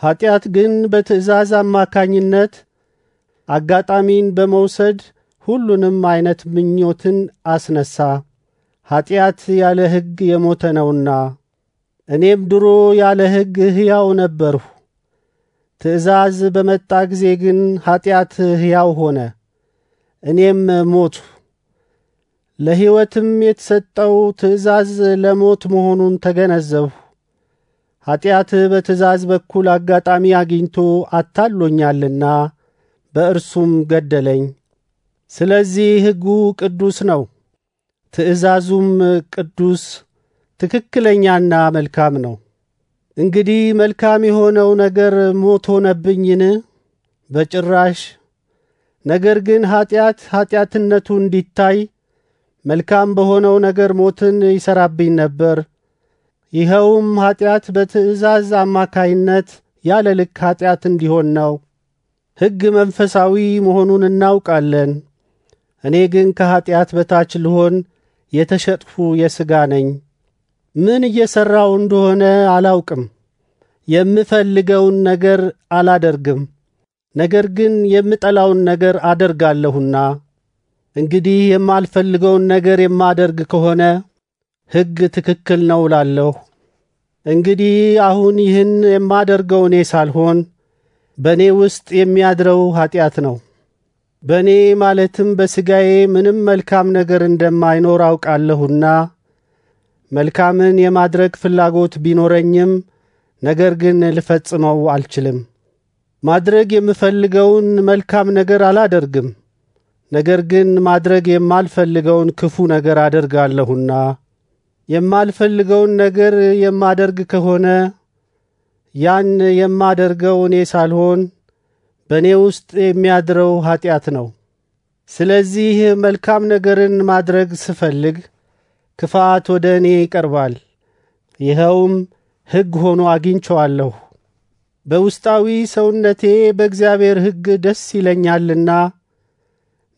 ኀጢአት ግን በትእዛዝ አማካኝነት አጋጣሚን በመውሰድ ሁሉንም አይነት ምኞትን አስነሳ። ኀጢአት ያለ ሕግ የሞተ ነውና፣ እኔም ድሮ ያለ ሕግ ሕያው ነበርሁ። ትእዛዝ በመጣ ጊዜ ግን ኀጢአት ሕያው ሆነ፣ እኔም ሞቱ። ለሕይወትም የተሰጠው ትእዛዝ ለሞት መሆኑን ተገነዘብሁ። ኀጢአት በትእዛዝ በኩል አጋጣሚ አግኝቶ አታሎኛልና በእርሱም ገደለኝ። ስለዚህ ሕጉ ቅዱስ ነው፣ ትእዛዙም ቅዱስ ትክክለኛና መልካም ነው። እንግዲህ መልካም የሆነው ነገር ሞት ሆነብኝን? በጭራሽ። ነገር ግን ኀጢአት ኀጢአትነቱ እንዲታይ መልካም በሆነው ነገር ሞትን ይሰራብኝ ነበር። ይኸውም ኀጢአት በትእዛዝ አማካይነት ያለ ልክ ኀጢአት እንዲሆን ነው። ሕግ መንፈሳዊ መሆኑን እናውቃለን። እኔ ግን ከኀጢአት በታች ልሆን የተሸጥሁ የሥጋ ነኝ። ምን እየሠራው እንደሆነ አላውቅም። የምፈልገውን ነገር አላደርግም፣ ነገር ግን የምጠላውን ነገር አደርጋለሁና እንግዲህ የማልፈልገውን ነገር የማደርግ ከሆነ ሕግ ትክክል ነው እላለሁ። እንግዲህ አሁን ይህን የማደርገው እኔ ሳልሆን በእኔ ውስጥ የሚያድረው ኀጢአት ነው። በእኔ ማለትም በሥጋዬ ምንም መልካም ነገር እንደማይኖር አውቃለሁና መልካምን የማድረግ ፍላጎት ቢኖረኝም ነገር ግን ልፈጽመው አልችልም። ማድረግ የምፈልገውን መልካም ነገር አላደርግም። ነገር ግን ማድረግ የማልፈልገውን ክፉ ነገር አደርጋለሁና የማልፈልገውን ነገር የማደርግ ከሆነ ያን የማደርገው እኔ ሳልሆን በእኔ ውስጥ የሚያድረው ኀጢአት ነው። ስለዚህ መልካም ነገርን ማድረግ ስፈልግ ክፋት ወደ እኔ ይቀርባል። ይኸውም ሕግ ሆኖ አግኝቸዋለሁ። በውስጣዊ ሰውነቴ በእግዚአብሔር ሕግ ደስ ይለኛልና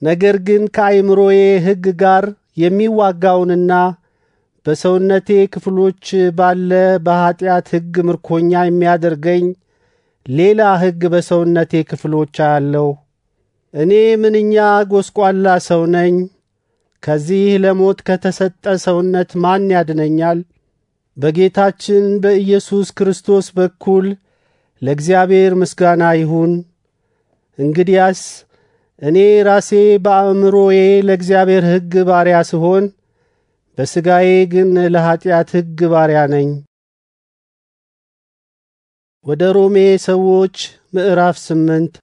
ነገር ግን ከአይምሮዬ ሕግ ጋር የሚዋጋውንና በሰውነቴ ክፍሎች ባለ በኀጢአት ሕግ ምርኮኛ የሚያደርገኝ ሌላ ሕግ በሰውነቴ ክፍሎች አያለሁ። እኔ ምንኛ ጐስቋላ ሰው ነኝ! ከዚህ ለሞት ከተሰጠ ሰውነት ማን ያድነኛል? በጌታችን በኢየሱስ ክርስቶስ በኩል ለእግዚአብሔር ምስጋና ይሁን። እንግዲያስ እኔ ራሴ በአእምሮዬ ለእግዚአብሔር ሕግ ባሪያ ስሆን በሥጋዬ ግን ለኀጢአት ሕግ ባሪያ ነኝ። ወደ ሮሜ ሰዎች ምዕራፍ ስምንት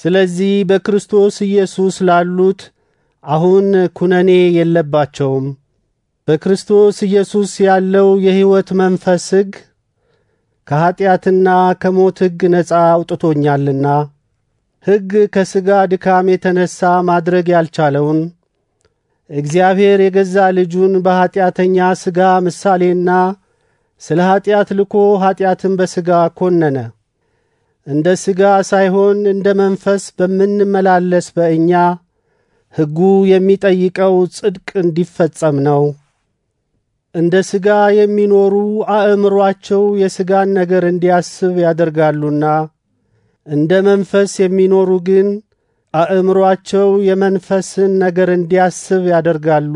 ስለዚህ በክርስቶስ ኢየሱስ ላሉት አሁን ኩነኔ የለባቸውም። በክርስቶስ ኢየሱስ ያለው የሕይወት መንፈስ ሕግ ከኀጢአትና ከሞት ሕግ ነፃ አውጥቶኛልና ሕግ ከሥጋ ድካም የተነሳ ማድረግ ያልቻለውን እግዚአብሔር የገዛ ልጁን በኀጢአተኛ ሥጋ ምሳሌና ስለ ኀጢአት ልኮ ኀጢአትን በሥጋ ኰነነ። እንደ ሥጋ ሳይሆን እንደ መንፈስ በምንመላለስ በእኛ ሕጉ የሚጠይቀው ጽድቅ እንዲፈጸም ነው። እንደ ሥጋ የሚኖሩ አእምሮአቸው የሥጋን ነገር እንዲያስብ ያደርጋሉና እንደ መንፈስ የሚኖሩ ግን አእምሮአቸው የመንፈስን ነገር እንዲያስብ ያደርጋሉ።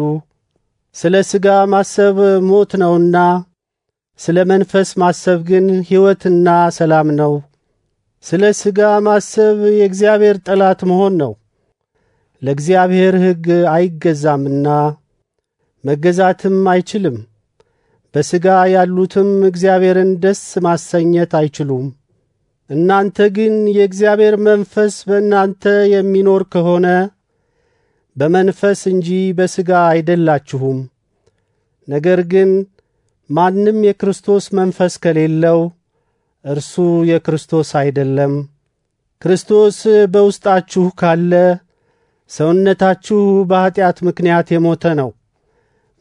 ስለ ሥጋ ማሰብ ሞት ነውና ስለ መንፈስ ማሰብ ግን ሕይወትና ሰላም ነው። ስለ ሥጋ ማሰብ የእግዚአብሔር ጠላት መሆን ነው፣ ለእግዚአብሔር ሕግ አይገዛምና መገዛትም አይችልም። በሥጋ ያሉትም እግዚአብሔርን ደስ ማሰኘት አይችሉም። እናንተ ግን የእግዚአብሔር መንፈስ በእናንተ የሚኖር ከሆነ በመንፈስ እንጂ በሥጋ አይደላችሁም። ነገር ግን ማንም የክርስቶስ መንፈስ ከሌለው እርሱ የክርስቶስ አይደለም። ክርስቶስ በውስጣችሁ ካለ ሰውነታችሁ በኀጢአት ምክንያት የሞተ ነው፣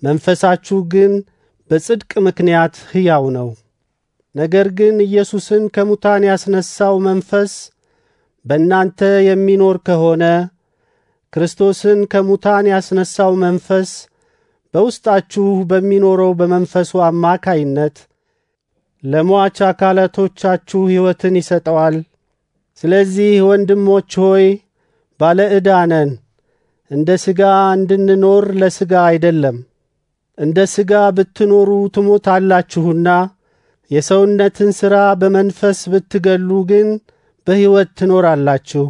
መንፈሳችሁ ግን በጽድቅ ምክንያት ሕያው ነው። ነገር ግን ኢየሱስን ከሙታን ያስነሳው መንፈስ በእናንተ የሚኖር ከሆነ ክርስቶስን ከሙታን ያስነሳው መንፈስ በውስጣችሁ በሚኖረው በመንፈሱ አማካይነት ለሟች አካላቶቻችሁ ሕይወትን ይሰጠዋል። ስለዚህ ወንድሞች ሆይ ባለ ዕዳ ነን። እንደ ሥጋ እንድንኖር ለሥጋ አይደለም። እንደ ሥጋ ብትኖሩ ትሞታላችሁና የሰውነትን ሥራ በመንፈስ ብትገሉ ግን በሕይወት ትኖራላችሁ።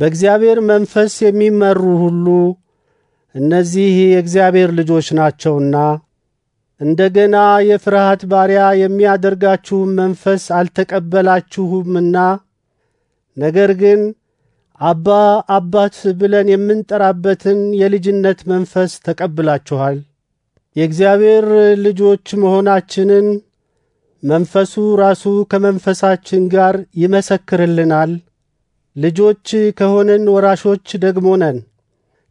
በእግዚአብሔር መንፈስ የሚመሩ ሁሉ እነዚህ የእግዚአብሔር ልጆች ናቸውና። እንደገና የፍርሃት ባሪያ የሚያደርጋችሁም መንፈስ አልተቀበላችሁምና፣ ነገር ግን አባ አባት ብለን የምንጠራበትን የልጅነት መንፈስ ተቀብላችኋል። የእግዚአብሔር ልጆች መሆናችንን መንፈሱ ራሱ ከመንፈሳችን ጋር ይመሰክርልናል። ልጆች ከሆነን ወራሾች ደግሞ ነን፣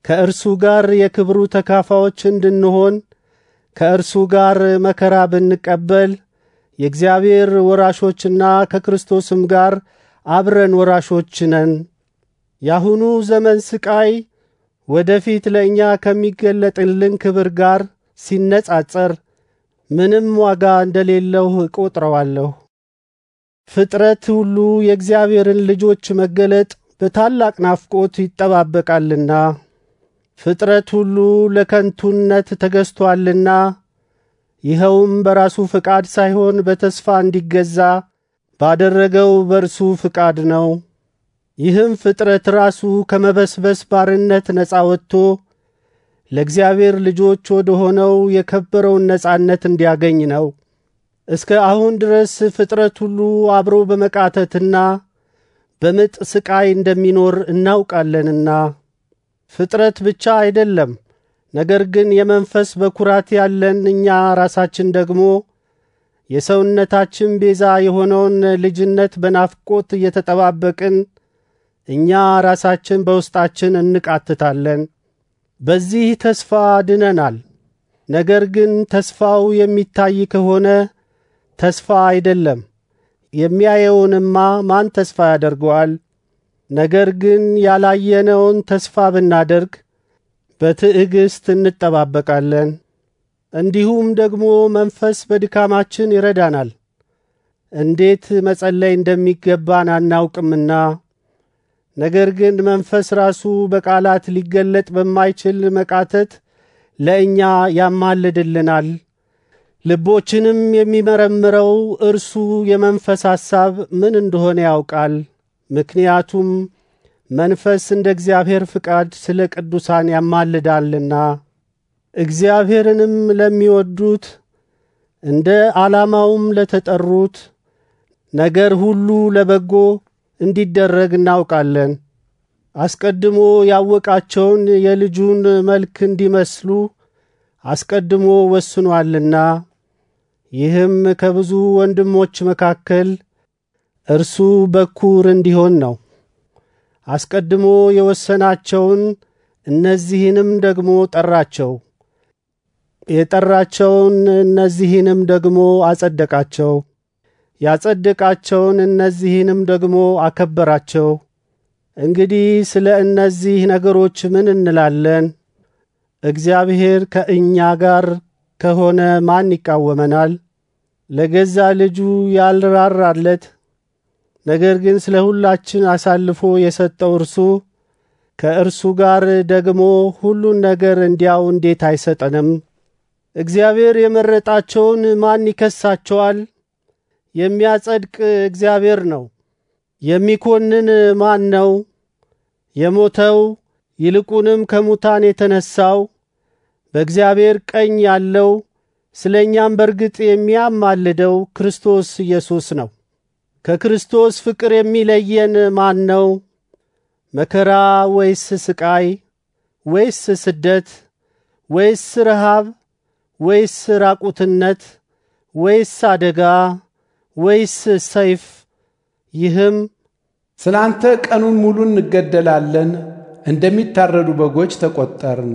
ከእርሱ ጋር የክብሩ ተካፋዎች እንድንሆን ከእርሱ ጋር መከራ ብንቀበል የእግዚአብሔር ወራሾችና ከክርስቶስም ጋር አብረን ወራሾች ነን። ያሁኑ ዘመን ስቃይ ወደፊት ለእኛ ከሚገለጥልን ክብር ጋር ሲነጻጸር ምንም ዋጋ እንደሌለው እቆጥረዋለሁ። ፍጥረት ሁሉ የእግዚአብሔርን ልጆች መገለጥ በታላቅ ናፍቆት ይጠባበቃልና ፍጥረት ሁሉ ለከንቱነት ተገዝቶአልና ይኸውም በራሱ ፍቃድ ሳይሆን በተስፋ እንዲገዛ ባደረገው በርሱ ፍቃድ ነው። ይህም ፍጥረት ራሱ ከመበስበስ ባርነት ነፃ ወጥቶ ለእግዚአብሔር ልጆች ወደ ሆነው የከበረውን ነጻነት እንዲያገኝ ነው። እስከ አሁን ድረስ ፍጥረት ሁሉ አብሮ በመቃተትና በምጥ ስቃይ እንደሚኖር እናውቃለንና ፍጥረት ብቻ አይደለም፣ ነገር ግን የመንፈስ በኩራት ያለን እኛ ራሳችን ደግሞ የሰውነታችን ቤዛ የሆነውን ልጅነት በናፍቆት እየተጠባበቅን እኛ ራሳችን በውስጣችን እንቃትታለን። በዚህ ተስፋ ድነናል። ነገር ግን ተስፋው የሚታይ ከሆነ ተስፋ አይደለም። የሚያየውንማ ማን ተስፋ ያደርገዋል? ነገር ግን ያላየነውን ተስፋ ብናደርግ በትዕግስት እንጠባበቃለን። እንዲሁም ደግሞ መንፈስ በድካማችን ይረዳናል። እንዴት መጸለይ እንደሚገባን አናውቅምና ነገር ግን መንፈስ ራሱ በቃላት ሊገለጥ በማይችል መቃተት ለእኛ ያማልድልናል። ልቦችንም የሚመረምረው እርሱ የመንፈስ ሐሳብ ምን እንደሆነ ያውቃል። ምክንያቱም መንፈስ እንደ እግዚአብሔር ፍቃድ ስለ ቅዱሳን ያማልዳልና። እግዚአብሔርንም ለሚወዱት እንደ ዓላማውም ለተጠሩት ነገር ሁሉ ለበጎ እንዲደረግ እናውቃለን። አስቀድሞ ያወቃቸውን የልጁን መልክ እንዲመስሉ አስቀድሞ ወስኗልና፣ ይህም ከብዙ ወንድሞች መካከል እርሱ በኩር እንዲሆን ነው። አስቀድሞ የወሰናቸውን እነዚህንም ደግሞ ጠራቸው፣ የጠራቸውን እነዚህንም ደግሞ አጸደቃቸው፣ ያጸድቃቸውን እነዚህንም ደግሞ አከበራቸው። እንግዲህ ስለ እነዚህ ነገሮች ምን እንላለን? እግዚአብሔር ከእኛ ጋር ከሆነ ማን ይቃወመናል? ለገዛ ልጁ ያልራራለት ነገር ግን ስለ ሁላችን አሳልፎ የሰጠው እርሱ ከእርሱ ጋር ደግሞ ሁሉን ነገር እንዲያው እንዴት አይሰጠንም? እግዚአብሔር የመረጣቸውን ማን ይከሳቸዋል? የሚያጸድቅ እግዚአብሔር ነው። የሚኮንን ማን ነው? የሞተው ይልቁንም ከሙታን የተነሳው በእግዚአብሔር ቀኝ ያለው ስለ እኛም በርግጥ የሚያማልደው ክርስቶስ ኢየሱስ ነው። ከክርስቶስ ፍቅር የሚለየን ማን ነው? መከራ ወይስ ስቃይ ወይስ ስደት ወይስ ረሃብ ወይስ ራቁትነት ወይስ አደጋ ወይስ ሰይፍ? ይህም ስለ አንተ ቀኑን ሙሉ እንገደላለን፣ እንደሚታረዱ በጎች ተቆጠርን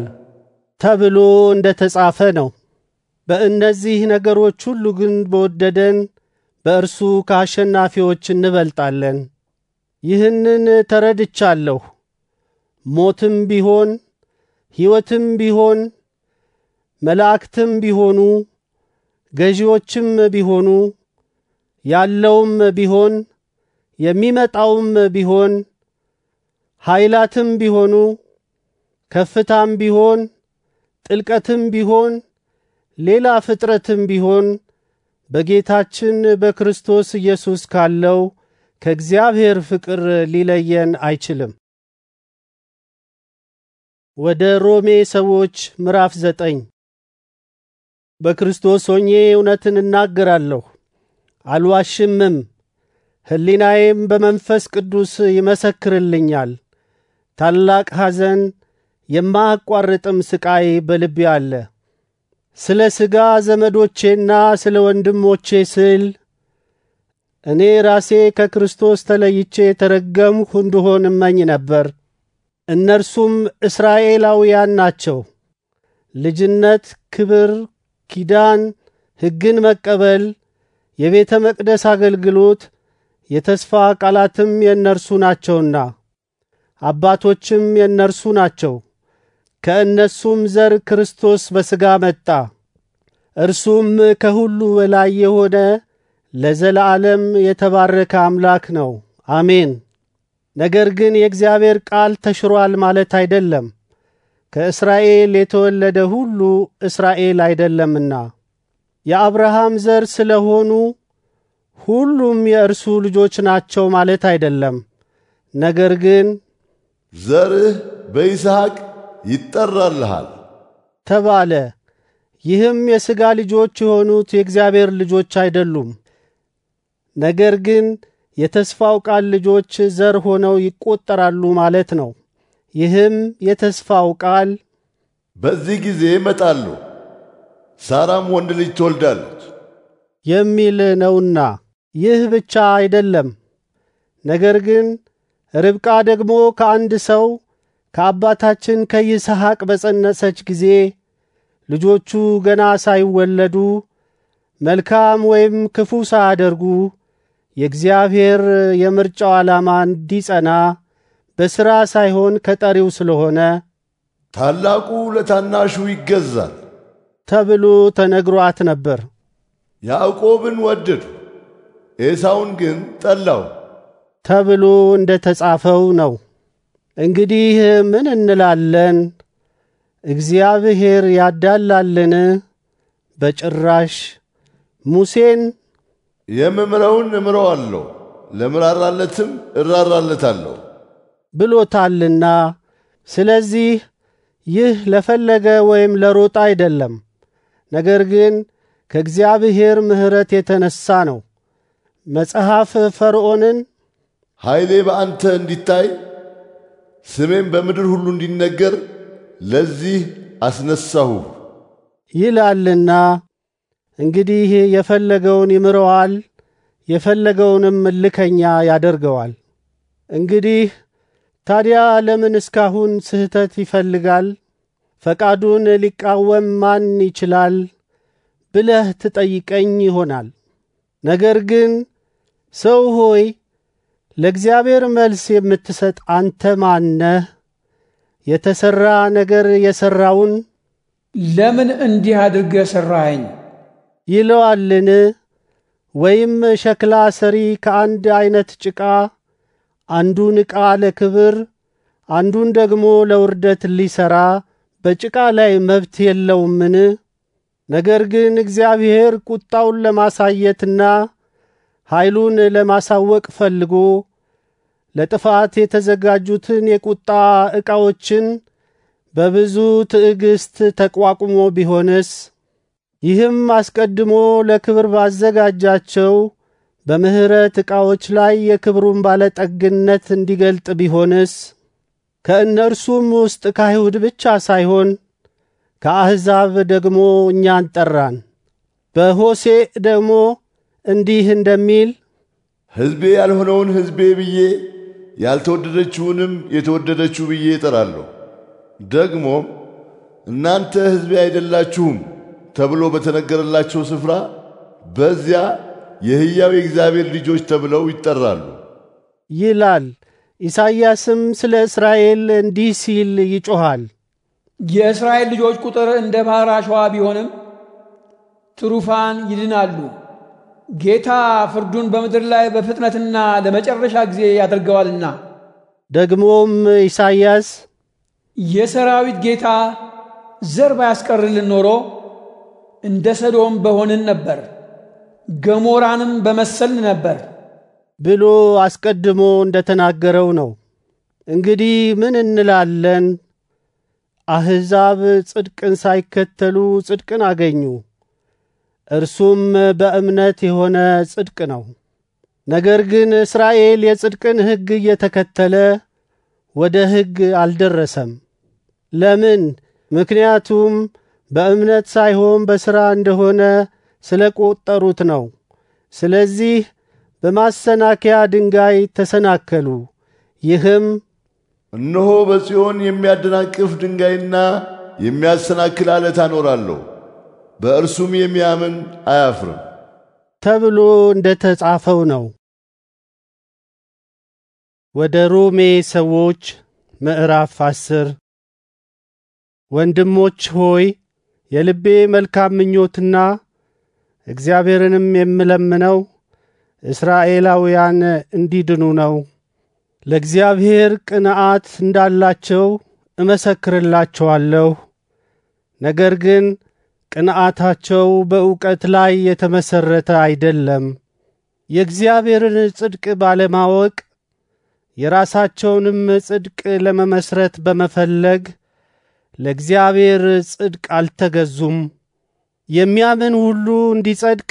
ተብሎ እንደ ተጻፈ ነው። በእነዚህ ነገሮች ሁሉ ግን በወደደን በእርሱ ከአሸናፊዎች እንበልጣለን። ይህንን ተረድቻለሁ። ሞትም ቢሆን ሕይወትም ቢሆን መላእክትም ቢሆኑ ገዢዎችም ቢሆኑ ያለውም ቢሆን የሚመጣውም ቢሆን ኃይላትም ቢሆኑ ከፍታም ቢሆን ጥልቀትም ቢሆን ሌላ ፍጥረትም ቢሆን በጌታችን በክርስቶስ ኢየሱስ ካለው ከእግዚአብሔር ፍቅር ሊለየን አይችልም። ወደ ሮሜ ሰዎች ምዕራፍ ዘጠኝ በክርስቶስ ሆኜ እውነትን እናገራለሁ አልዋሽምም፣ ሕሊናዬም በመንፈስ ቅዱስ ይመሰክርልኛል። ታላቅ ሐዘን የማያቋርጥም ስቃይ በልቤ አለ። ስለ ሥጋ ዘመዶቼና ስለ ወንድሞቼ ስል እኔ ራሴ ከክርስቶስ ተለይቼ የተረገምሁ እንደሆን እመኝ ነበር። እነርሱም እስራኤላውያን ናቸው። ልጅነት፣ ክብር፣ ኪዳን፣ ሕግን መቀበል የቤተ መቅደስ አገልግሎት የተስፋ ቃላትም የእነርሱ ናቸውና አባቶችም የእነርሱ ናቸው። ከእነሱም ዘር ክርስቶስ በሥጋ መጣ። እርሱም ከሁሉ በላይ የሆነ ለዘላለም የተባረከ አምላክ ነው። አሜን። ነገር ግን የእግዚአብሔር ቃል ተሽሯል ማለት አይደለም፤ ከእስራኤል የተወለደ ሁሉ እስራኤል አይደለምና። የአብርሃም ዘር ስለሆኑ ሁሉም የእርሱ ልጆች ናቸው ማለት አይደለም። ነገር ግን ዘርህ በይስሐቅ ይጠራልሃል ተባለ። ይህም የሥጋ ልጆች የሆኑት የእግዚአብሔር ልጆች አይደሉም፣ ነገር ግን የተስፋው ቃል ልጆች ዘር ሆነው ይቆጠራሉ ማለት ነው። ይህም የተስፋው ቃል በዚህ ጊዜ ይመጣሉ ሳራም ወንድ ልጅ ትወልዳለች የሚል ነውና። ይህ ብቻ አይደለም፣ ነገር ግን ርብቃ ደግሞ ከአንድ ሰው ከአባታችን ከይስሐቅ በጸነሰች ጊዜ ልጆቹ ገና ሳይወለዱ መልካም ወይም ክፉ ሳያደርጉ የእግዚአብሔር የምርጫው ዓላማ እንዲጸና በሥራ ሳይሆን ከጠሪው ስለሆነ ታላቁ ለታናሹ ይገዛል ተብሎ ተነግሯት ነበር። ያዕቆብን ወደድሁ ኤሳውን ግን ጠላው ተብሎ እንደ ተጻፈው ነው። እንግዲህ ምን እንላለን? እግዚአብሔር ያዳላልን? በጭራሽ። ሙሴን የምምረውን እምረዋለሁ ለምራራለትም እራራለታለሁ ብሎታልና። ስለዚህ ይህ ለፈለገ ወይም ለሮጣ አይደለም፣ ነገር ግን ከእግዚአብሔር ምሕረት የተነሳ ነው። መጽሐፍ ፈርዖንን ኃይሌ በአንተ እንዲታይ ስሜም በምድር ሁሉ እንዲነገር ለዚህ አስነሳሁ ይላልና እንግዲህ የፈለገውን ይምረዋል፣ የፈለገውንም እልከኛ ያደርገዋል። እንግዲህ ታዲያ ለምን እስካሁን ስህተት ይፈልጋል? ፈቃዱን ሊቃወም ማን ይችላል ብለህ ትጠይቀኝ ይሆናል። ነገር ግን ሰው ሆይ ለእግዚአብሔር መልስ የምትሰጥ አንተ ማነህ? የተሰራ ነገር የሰራውን ለምን እንዲህ አድርገ ሰራኸኝ ይለዋልን? ወይም ሸክላ ሰሪ ከአንድ አይነት ጭቃ አንዱን ዕቃ ለክብር አንዱን ደግሞ ለውርደት ሊሰራ በጭቃ ላይ መብት የለውምን? ነገር ግን እግዚአብሔር ቁጣውን ለማሳየትና ኃይሉን ለማሳወቅ ፈልጎ ለጥፋት የተዘጋጁትን የቁጣ ዕቃዎችን በብዙ ትዕግስት ተቋቁሞ ቢሆንስ ይህም አስቀድሞ ለክብር ባዘጋጃቸው በምሕረት ዕቃዎች ላይ የክብሩን ባለጠግነት እንዲገልጥ ቢሆንስ ከእነርሱም ውስጥ ከአይሁድ ብቻ ሳይሆን ከአሕዛብ ደግሞ እኛን ጠራን። በሆሴ ደግሞ እንዲህ እንደሚል ሕዝቤ ያልሆነውን ሕዝቤ ብዬ ያልተወደደችውንም የተወደደችው ብዬ እጠራለሁ። ደግሞ እናንተ ሕዝቤ አይደላችሁም ተብሎ በተነገረላቸው ስፍራ በዚያ የሕያው የእግዚአብሔር ልጆች ተብለው ይጠራሉ ይላል ኢሳይያስም ስለ እስራኤል እንዲህ ሲል ይጮኻል። የእስራኤል ልጆች ቁጥር እንደ ባሕር አሸዋ ቢሆንም ትሩፋን ይድናሉ። ጌታ ፍርዱን በምድር ላይ በፍጥነትና ለመጨረሻ ጊዜ ያደርገዋልና። ደግሞም ኢሳይያስ የሰራዊት ጌታ ዘር ባያስቀርልን ኖሮ እንደ ሰዶም በሆንን ነበር፣ ገሞራንም በመሰልን ነበር። ብሎ አስቀድሞ እንደተናገረው ነው። እንግዲህ ምን እንላለን? አሕዛብ ጽድቅን ሳይከተሉ ጽድቅን አገኙ። እርሱም በእምነት የሆነ ጽድቅ ነው። ነገር ግን እስራኤል የጽድቅን ሕግ እየተከተለ ወደ ሕግ አልደረሰም። ለምን? ምክንያቱም በእምነት ሳይሆን በሥራ እንደሆነ ስለ ቈጠሩት ነው። ስለዚህ በማሰናከያ ድንጋይ ተሰናከሉ። ይህም እነሆ በጽዮን የሚያደናቅፍ ድንጋይና የሚያሰናክል አለት አኖራለሁ፣ በእርሱም የሚያምን አያፍርም ተብሎ እንደ ተጻፈው ነው። ወደ ሮሜ ሰዎች ምዕራፍ አስር ወንድሞች ሆይ የልቤ መልካም ምኞትና እግዚአብሔርንም የምለምነው እስራኤላውያን እንዲድኑ ነው። ለእግዚአብሔር ቅንዓት እንዳላቸው እመሰክርላቸዋለሁ። ነገር ግን ቅንዓታቸው በእውቀት ላይ የተመሰረተ አይደለም። የእግዚአብሔርን ጽድቅ ባለማወቅ የራሳቸውንም ጽድቅ ለመመስረት በመፈለግ ለእግዚአብሔር ጽድቅ አልተገዙም። የሚያምን ሁሉ እንዲጸድቅ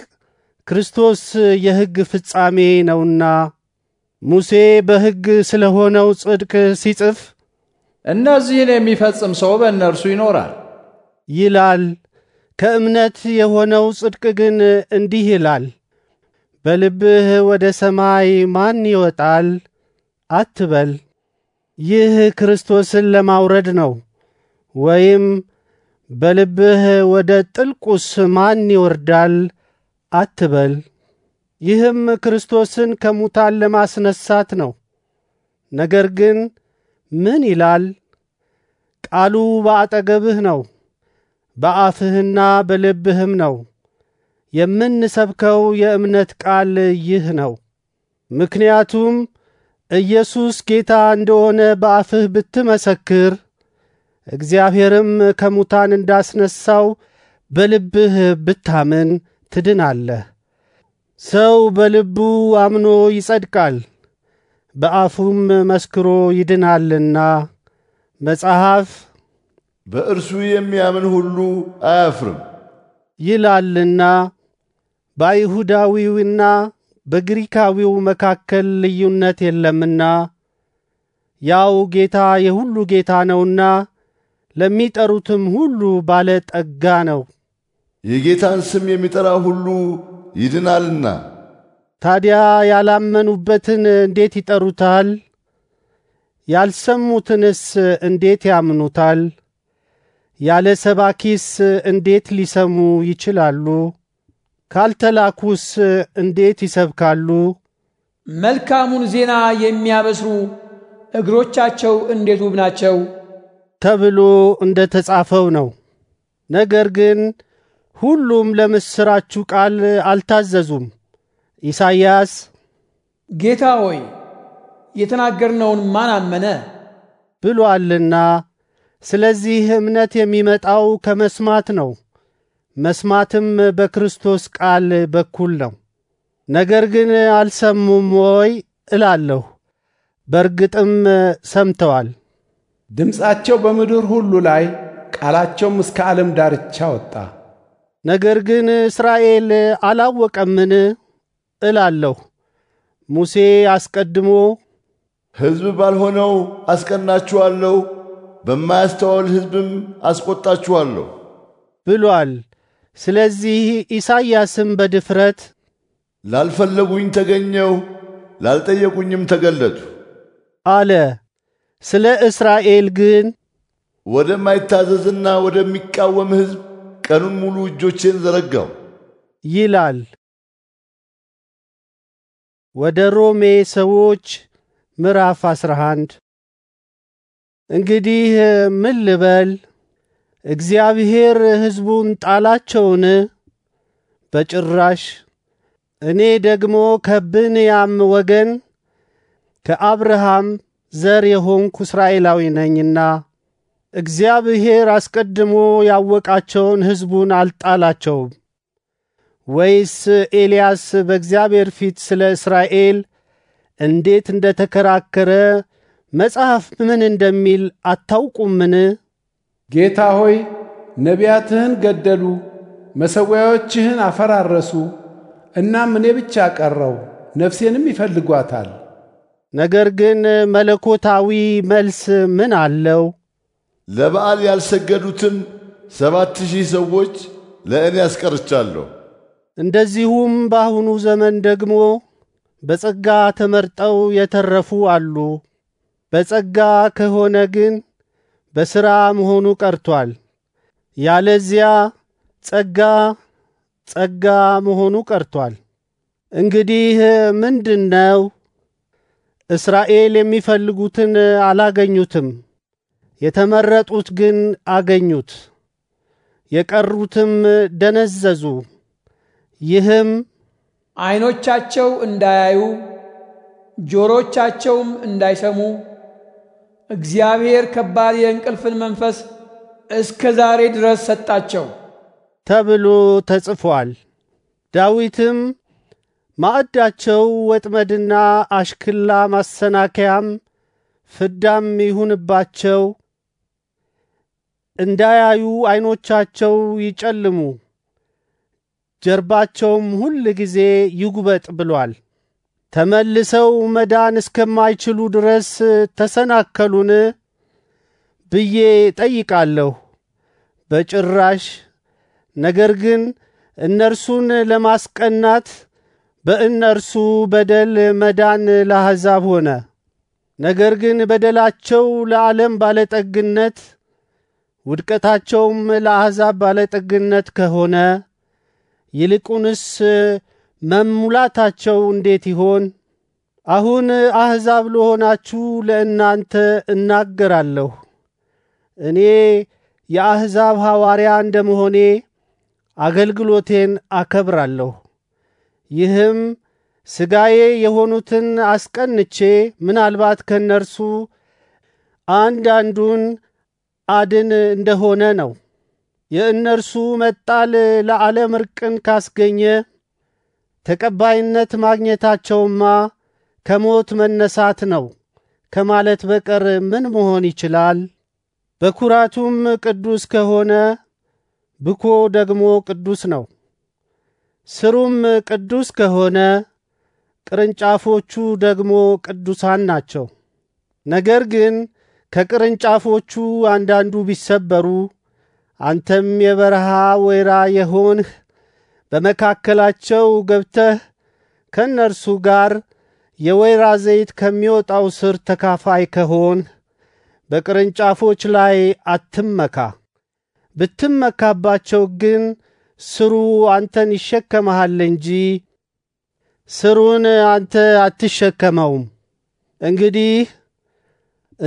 ክርስቶስ የሕግ ፍጻሜ ነውና። ሙሴ በሕግ ስለ ሆነው ጽድቅ ሲጽፍ እነዚህን የሚፈጽም ሰው በእነርሱ ይኖራል ይላል። ከእምነት የሆነው ጽድቅ ግን እንዲህ ይላል፣ በልብህ ወደ ሰማይ ማን ይወጣል አትበል። ይህ ክርስቶስን ለማውረድ ነው። ወይም በልብህ ወደ ጥልቁስ ማን ይወርዳል አትበል። ይህም ክርስቶስን ከሙታን ለማስነሳት ነው። ነገር ግን ምን ይላል? ቃሉ በአጠገብህ ነው፣ በአፍህና በልብህም ነው። የምንሰብከው የእምነት ቃል ይህ ነው። ምክንያቱም ኢየሱስ ጌታ እንደሆነ በአፍህ ብትመሰክር እግዚአብሔርም ከሙታን እንዳስነሳው በልብህ ብታምን ትድናለህ። ሰው በልቡ አምኖ ይጸድቃል፣ በአፉም መስክሮ ይድናልና። መጽሐፍ በእርሱ የሚያምን ሁሉ አያፍርም ይላልና። በአይሁዳዊውና በግሪካዊው መካከል ልዩነት የለምና ያው ጌታ የሁሉ ጌታ ነውና ለሚጠሩትም ሁሉ ባለ ጠጋ ነው። የጌታን ስም የሚጠራ ሁሉ ይድናልና። ታዲያ ያላመኑበትን እንዴት ይጠሩታል? ያልሰሙትንስ እንዴት ያምኑታል? ያለ ሰባኪስ እንዴት ሊሰሙ ይችላሉ? ካልተላኩስ እንዴት ይሰብካሉ? መልካሙን ዜና የሚያበስሩ እግሮቻቸው እንዴት ውብ ናቸው ተብሎ እንደ ተጻፈው ነው። ነገር ግን ሁሉም ለምስራችሁ ቃል አልታዘዙም። ኢሳይያስ ጌታ ሆይ የተናገርነውን ማን አመነ ብሎአልና። ስለዚህ እምነት የሚመጣው ከመስማት ነው፣ መስማትም በክርስቶስ ቃል በኩል ነው። ነገር ግን አልሰሙም ወይ እላለሁ፣ በርግጥም ሰምተዋል። ድምፃቸው በምድር ሁሉ ላይ ቃላቸውም እስከ ዓለም ዳርቻ ወጣ። ነገር ግን እስራኤል አላወቀምን እላለሁ። ሙሴ አስቀድሞ ሕዝብ ባልሆነው አስቀናችኋለሁ፣ በማያስተዋል ሕዝብም አስቈጣችኋለሁ ብሏል። ስለዚህ ኢሳይያስም በድፍረት ላልፈለጉኝ ተገኘው፣ ላልጠየቁኝም ተገለጡ አለ። ስለ እስራኤል ግን ወደማይታዘዝና ወደሚቃወም ሕዝብ ቀኑን ሙሉ እጆቼን ዘረጋው ይላል። ወደ ሮሜ ሰዎች ምዕራፍ 11 እንግዲህ ምን ልበል? እግዚአብሔር ሕዝቡን ጣላቸውን? በጭራሽ። እኔ ደግሞ ከብንያም ወገን ከአብርሃም ዘር የሆንኩ እስራኤላዊ ነኝና እግዚአብሔር አስቀድሞ ያወቃቸውን ሕዝቡን አልጣላቸውም። ወይስ ኤልያስ በእግዚአብሔር ፊት ስለ እስራኤል እንዴት እንደ ተከራከረ መጽሐፍ ምን እንደሚል አታውቁምን? ጌታ ሆይ ነቢያትህን ገደሉ፣ መሠዊያዎችህን አፈራረሱ፣ እናም እኔ ብቻ ቀረው፣ ነፍሴንም ይፈልጓታል። ነገር ግን መለኮታዊ መልስ ምን አለው? ለበዓል ያልሰገዱትን ሰባት ሺህ ሰዎች ለእኔ ያስቀርቻለሁ። እንደዚሁም በአሁኑ ዘመን ደግሞ በጸጋ ተመርጠው የተረፉ አሉ። በጸጋ ከሆነ ግን በሥራ መሆኑ ቀርቷል። ያለዚያ ጸጋ ጸጋ መሆኑ ቀርቷል። እንግዲህ ምንድን ነው? እስራኤል የሚፈልጉትን አላገኙትም። የተመረጡት ግን አገኙት፣ የቀሩትም ደነዘዙ። ይህም ዓይኖቻቸው እንዳያዩ ጆሮቻቸውም እንዳይሰሙ እግዚአብሔር ከባድ የእንቅልፍን መንፈስ እስከ ዛሬ ድረስ ሰጣቸው ተብሎ ተጽፏል። ዳዊትም ማዕዳቸው ወጥመድና አሽክላ ማሰናከያም ፍዳም ይሁንባቸው እንዳያዩ ዐይኖቻቸው ይጨልሙ፣ ጀርባቸውም ሁል ጊዜ ይጉበጥ ብሏል። ተመልሰው መዳን እስከማይችሉ ድረስ ተሰናከሉን ብዬ ጠይቃለሁ። በጭራሽ። ነገር ግን እነርሱን ለማስቀናት በእነርሱ በደል መዳን ለአሕዛብ ሆነ። ነገር ግን በደላቸው ለዓለም ባለጠግነት ውድቀታቸውም ለአሕዛብ ባለጠግነት ከሆነ ይልቁንስ መሙላታቸው እንዴት ይሆን? አሁን አሕዛብ ለሆናችሁ ለእናንተ እናገራለሁ። እኔ የአሕዛብ ሐዋርያ እንደመሆኔ አገልግሎቴን አከብራለሁ። ይህም ሥጋዬ የሆኑትን አስቀንቼ ምናልባት ከእነርሱ አንዳንዱን አድን እንደሆነ ነው። የእነርሱ መጣል ለዓለም እርቅን ካስገኘ ተቀባይነት ማግኘታቸውማ ከሞት መነሳት ነው ከማለት በቀር ምን መሆን ይችላል? በኩራቱም ቅዱስ ከሆነ ብኮ ደግሞ ቅዱስ ነው። ስሩም ቅዱስ ከሆነ ቅርንጫፎቹ ደግሞ ቅዱሳን ናቸው። ነገር ግን ከቅርንጫፎቹ አንዳንዱ ቢሰበሩ አንተም የበረሃ ወይራ የሆንህ በመካከላቸው ገብተህ ከእነርሱ ጋር የወይራ ዘይት ከሚወጣው ስር ተካፋይ ከሆን በቅርንጫፎች ላይ አትመካ። ብትመካባቸው ግን ስሩ አንተን ይሸከመሃል እንጂ ስሩን አንተ አትሸከመውም። እንግዲህ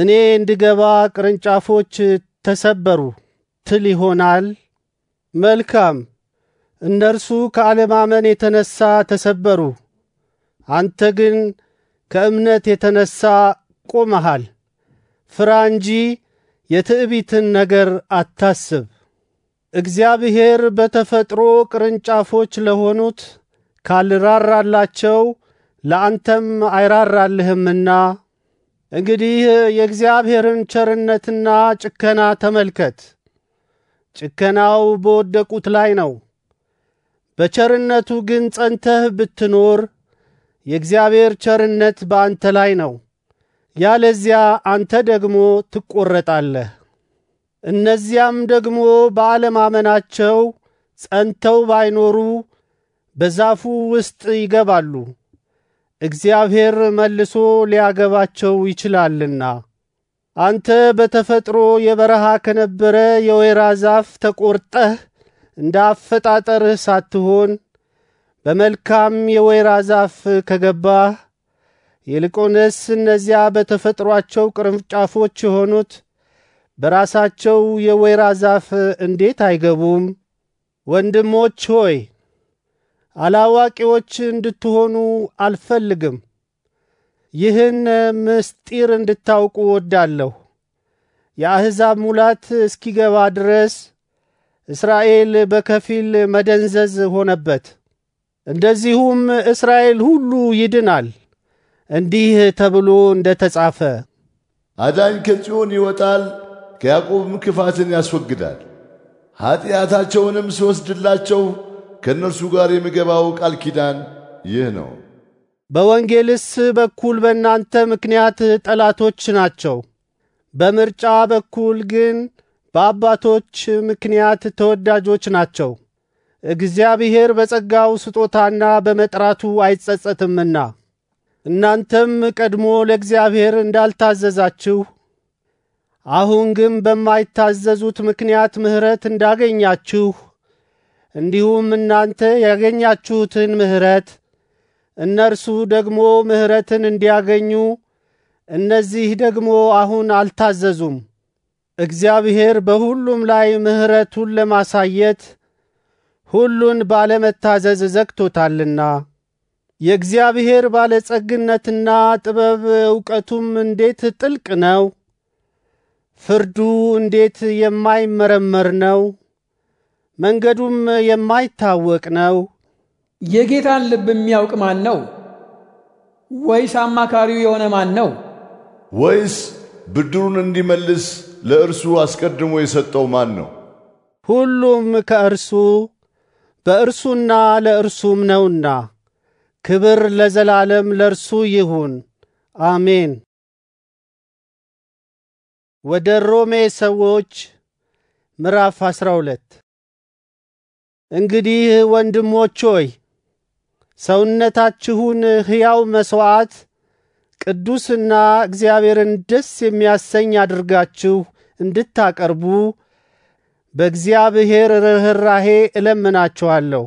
እኔ እንድገባ ቅርንጫፎች ተሰበሩ ትል ይሆናል። መልካም እነርሱ ከአለማመን የተነሳ ተሰበሩ፣ አንተ ግን ከእምነት የተነሳ ቆመሃል። ፍራ እንጂ የትዕቢትን ነገር አታስብ። እግዚአብሔር በተፈጥሮ ቅርንጫፎች ለሆኑት ካልራራላቸው ለአንተም አይራራልህምና እንግዲህ የእግዚአብሔርን ቸርነትና ጭከና ተመልከት። ጭከናው በወደቁት ላይ ነው። በቸርነቱ ግን ጸንተህ ብትኖር የእግዚአብሔር ቸርነት በአንተ ላይ ነው። ያለዚያ አንተ ደግሞ ትቆረጣለህ። እነዚያም ደግሞ በአለማመናቸው ጸንተው ባይኖሩ በዛፉ ውስጥ ይገባሉ እግዚአብሔር መልሶ ሊያገባቸው ይችላልና። አንተ በተፈጥሮ የበረሃ ከነበረ የወይራ ዛፍ ተቆርጠህ እንደ አፈጣጠርህ ሳትሆን በመልካም የወይራ ዛፍ ከገባህ፣ ይልቁንስ እነዚያ በተፈጥሯቸው ቅርንጫፎች የሆኑት በራሳቸው የወይራ ዛፍ እንዴት አይገቡም? ወንድሞች ሆይ አላዋቂዎች እንድትሆኑ አልፈልግም። ይህን ምስጢር እንድታውቁ ወዳለሁ። የአሕዛብ ሙላት እስኪገባ ድረስ እስራኤል በከፊል መደንዘዝ ሆነበት። እንደዚሁም እስራኤል ሁሉ ይድናል። እንዲህ ተብሎ እንደ ተጻፈ አዳኝ ከጽዮን ይወጣል፣ ከያዕቆብም ክፋትን ያስወግዳል። ኀጢአታቸውንም ሲወስድላቸው ከእነርሱ ጋር የምገባው ቃል ኪዳን ይህ ነው። በወንጌልስ በኩል በእናንተ ምክንያት ጠላቶች ናቸው፣ በምርጫ በኩል ግን በአባቶች ምክንያት ተወዳጆች ናቸው። እግዚአብሔር በጸጋው ስጦታና በመጥራቱ አይጸጸትምና። እናንተም ቀድሞ ለእግዚአብሔር እንዳልታዘዛችሁ አሁን ግን በማይታዘዙት ምክንያት ምሕረት እንዳገኛችሁ እንዲሁም እናንተ ያገኛችሁትን ምሕረት እነርሱ ደግሞ ምሕረትን እንዲያገኙ እነዚህ ደግሞ አሁን አልታዘዙም። እግዚአብሔር በሁሉም ላይ ምሕረቱን ለማሳየት ሁሉን ባለመታዘዝ ዘግቶታልና የእግዚአብሔር ባለጸግነትና ጥበብ እውቀቱም እንዴት ጥልቅ ነው! ፍርዱ እንዴት የማይመረመር ነው! መንገዱም የማይታወቅ ነው። የጌታን ልብ የሚያውቅ ማን ነው? ወይስ አማካሪው የሆነ ማን ነው? ወይስ ብድሩን እንዲመልስ ለእርሱ አስቀድሞ የሰጠው ማን ነው? ሁሉም ከእርሱ በእርሱና ለእርሱም ነውና፣ ክብር ለዘላለም ለእርሱ ይሁን፣ አሜን። ወደ ሮሜ ሰዎች ምዕራፍ 12 እንግዲህ ወንድሞች ሆይ ሰውነታችሁን ሕያው መሥዋዕት ቅዱስና እግዚአብሔርን ደስ የሚያሰኝ አድርጋችሁ እንድታቀርቡ በእግዚአብሔር ርኅራሄ እለምናችኋለሁ።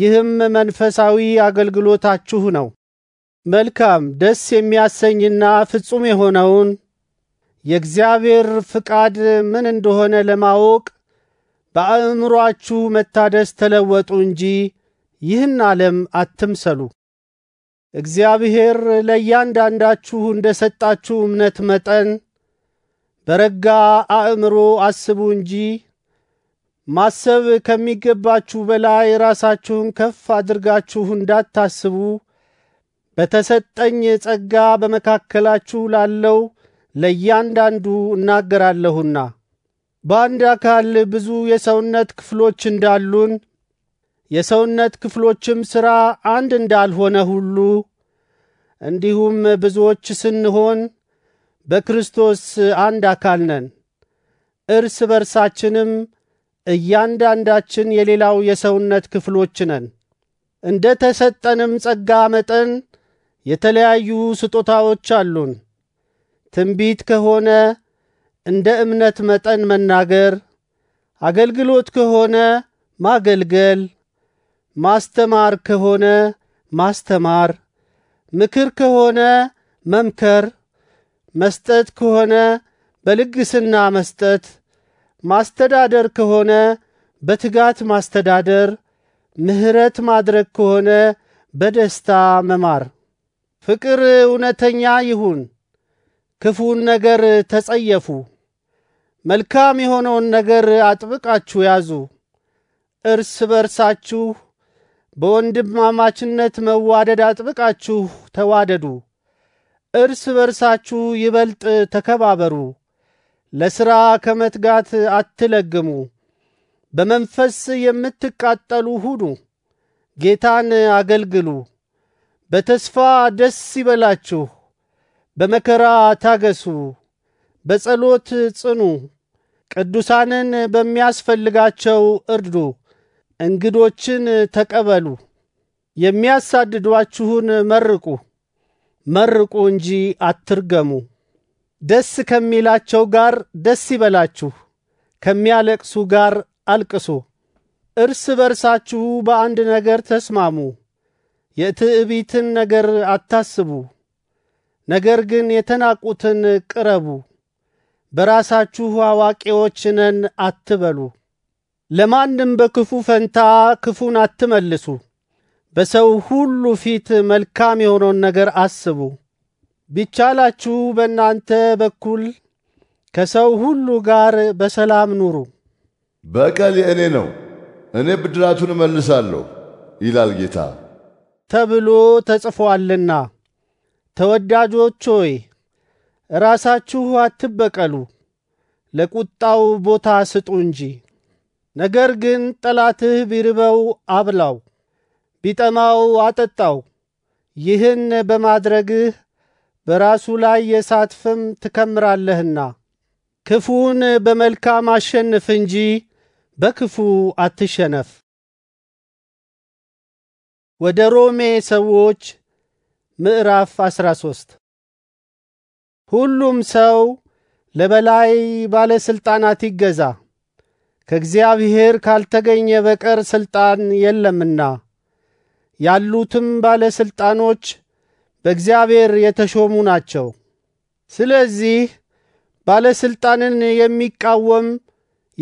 ይህም መንፈሳዊ አገልግሎታችሁ ነው። መልካም ደስ የሚያሰኝና ፍጹም የሆነውን የእግዚአብሔር ፍቃድ ምን እንደሆነ ለማወቅ በአእምሮአችሁ መታደስ ተለወጡ እንጂ ይህን ዓለም አትምሰሉ። እግዚአብሔር ለእያንዳንዳችሁ እንደ ሰጣችሁ እምነት መጠን በረጋ አእምሮ አስቡ እንጂ ማሰብ ከሚገባችሁ በላይ ራሳችሁን ከፍ አድርጋችሁ እንዳታስቡ በተሰጠኝ ጸጋ በመካከላችሁ ላለው ለእያንዳንዱ እናገራለሁና። በአንድ አካል ብዙ የሰውነት ክፍሎች እንዳሉን የሰውነት ክፍሎችም ሥራ አንድ እንዳልሆነ ሁሉ እንዲሁም ብዙዎች ስንሆን በክርስቶስ አንድ አካል ነን፣ እርስ በርሳችንም እያንዳንዳችን የሌላው የሰውነት ክፍሎች ነን። እንደ ተሰጠንም ጸጋ መጠን የተለያዩ ስጦታዎች አሉን። ትንቢት ከሆነ እንደ እምነት መጠን መናገር፣ አገልግሎት ከሆነ ማገልገል፣ ማስተማር ከሆነ ማስተማር፣ ምክር ከሆነ መምከር፣ መስጠት ከሆነ በልግስና መስጠት፣ ማስተዳደር ከሆነ በትጋት ማስተዳደር፣ ምሕረት ማድረግ ከሆነ በደስታ መማር። ፍቅር እውነተኛ ይሁን። ክፉን ነገር ተጸየፉ። መልካም የሆነውን ነገር አጥብቃችሁ ያዙ። እርስ በርሳችሁ በወንድማማችነት መዋደድ አጥብቃችሁ ተዋደዱ። እርስ በርሳችሁ ይበልጥ ተከባበሩ። ለሥራ ከመትጋት አትለግሙ። በመንፈስ የምትቃጠሉ ሁኑ። ጌታን አገልግሉ። በተስፋ ደስ ይበላችሁ። በመከራ ታገሱ። በጸሎት ጽኑ፣ ቅዱሳንን በሚያስፈልጋቸው እርዱ፣ እንግዶችን ተቀበሉ። የሚያሳድዷችሁን መርቁ፣ መርቁ እንጂ አትርገሙ። ደስ ከሚላቸው ጋር ደስ ይበላችሁ፣ ከሚያለቅሱ ጋር አልቅሱ። እርስ በርሳችሁ በአንድ ነገር ተስማሙ፣ የትዕቢትን ነገር አታስቡ፣ ነገር ግን የተናቁትን ቅረቡ። በራሳችሁ አዋቂዎች ነን አትበሉ። ለማንም በክፉ ፈንታ ክፉን አትመልሱ። በሰው ሁሉ ፊት መልካም የሆነውን ነገር አስቡ። ቢቻላችሁ በእናንተ በኩል ከሰው ሁሉ ጋር በሰላም ኑሩ። በቀል የእኔ ነው፣ እኔ ብድራቱን እመልሳለሁ ይላል ጌታ ተብሎ ተጽፎአልና። ተወዳጆች ሆይ ራሳችሁ አትበቀሉ፣ ለቁጣው ቦታ ስጡ እንጂ። ነገር ግን ጠላትህ ቢርበው አብላው፣ ቢጠማው አጠጣው። ይህን በማድረግህ በራሱ ላይ የእሳት ፍም ትከምራለህና። ክፉውን በመልካም አሸንፍ እንጂ በክፉ አትሸነፍ። ወደ ሮሜ ሰዎች ምዕራፍ 13 ሁሉም ሰው ለበላይ ባለስልጣናት ይገዛ፣ ከእግዚአብሔር ካልተገኘ በቀር ሥልጣን የለምና። ያሉትም ባለስልጣኖች በእግዚአብሔር የተሾሙ ናቸው። ስለዚህ ባለስልጣንን የሚቃወም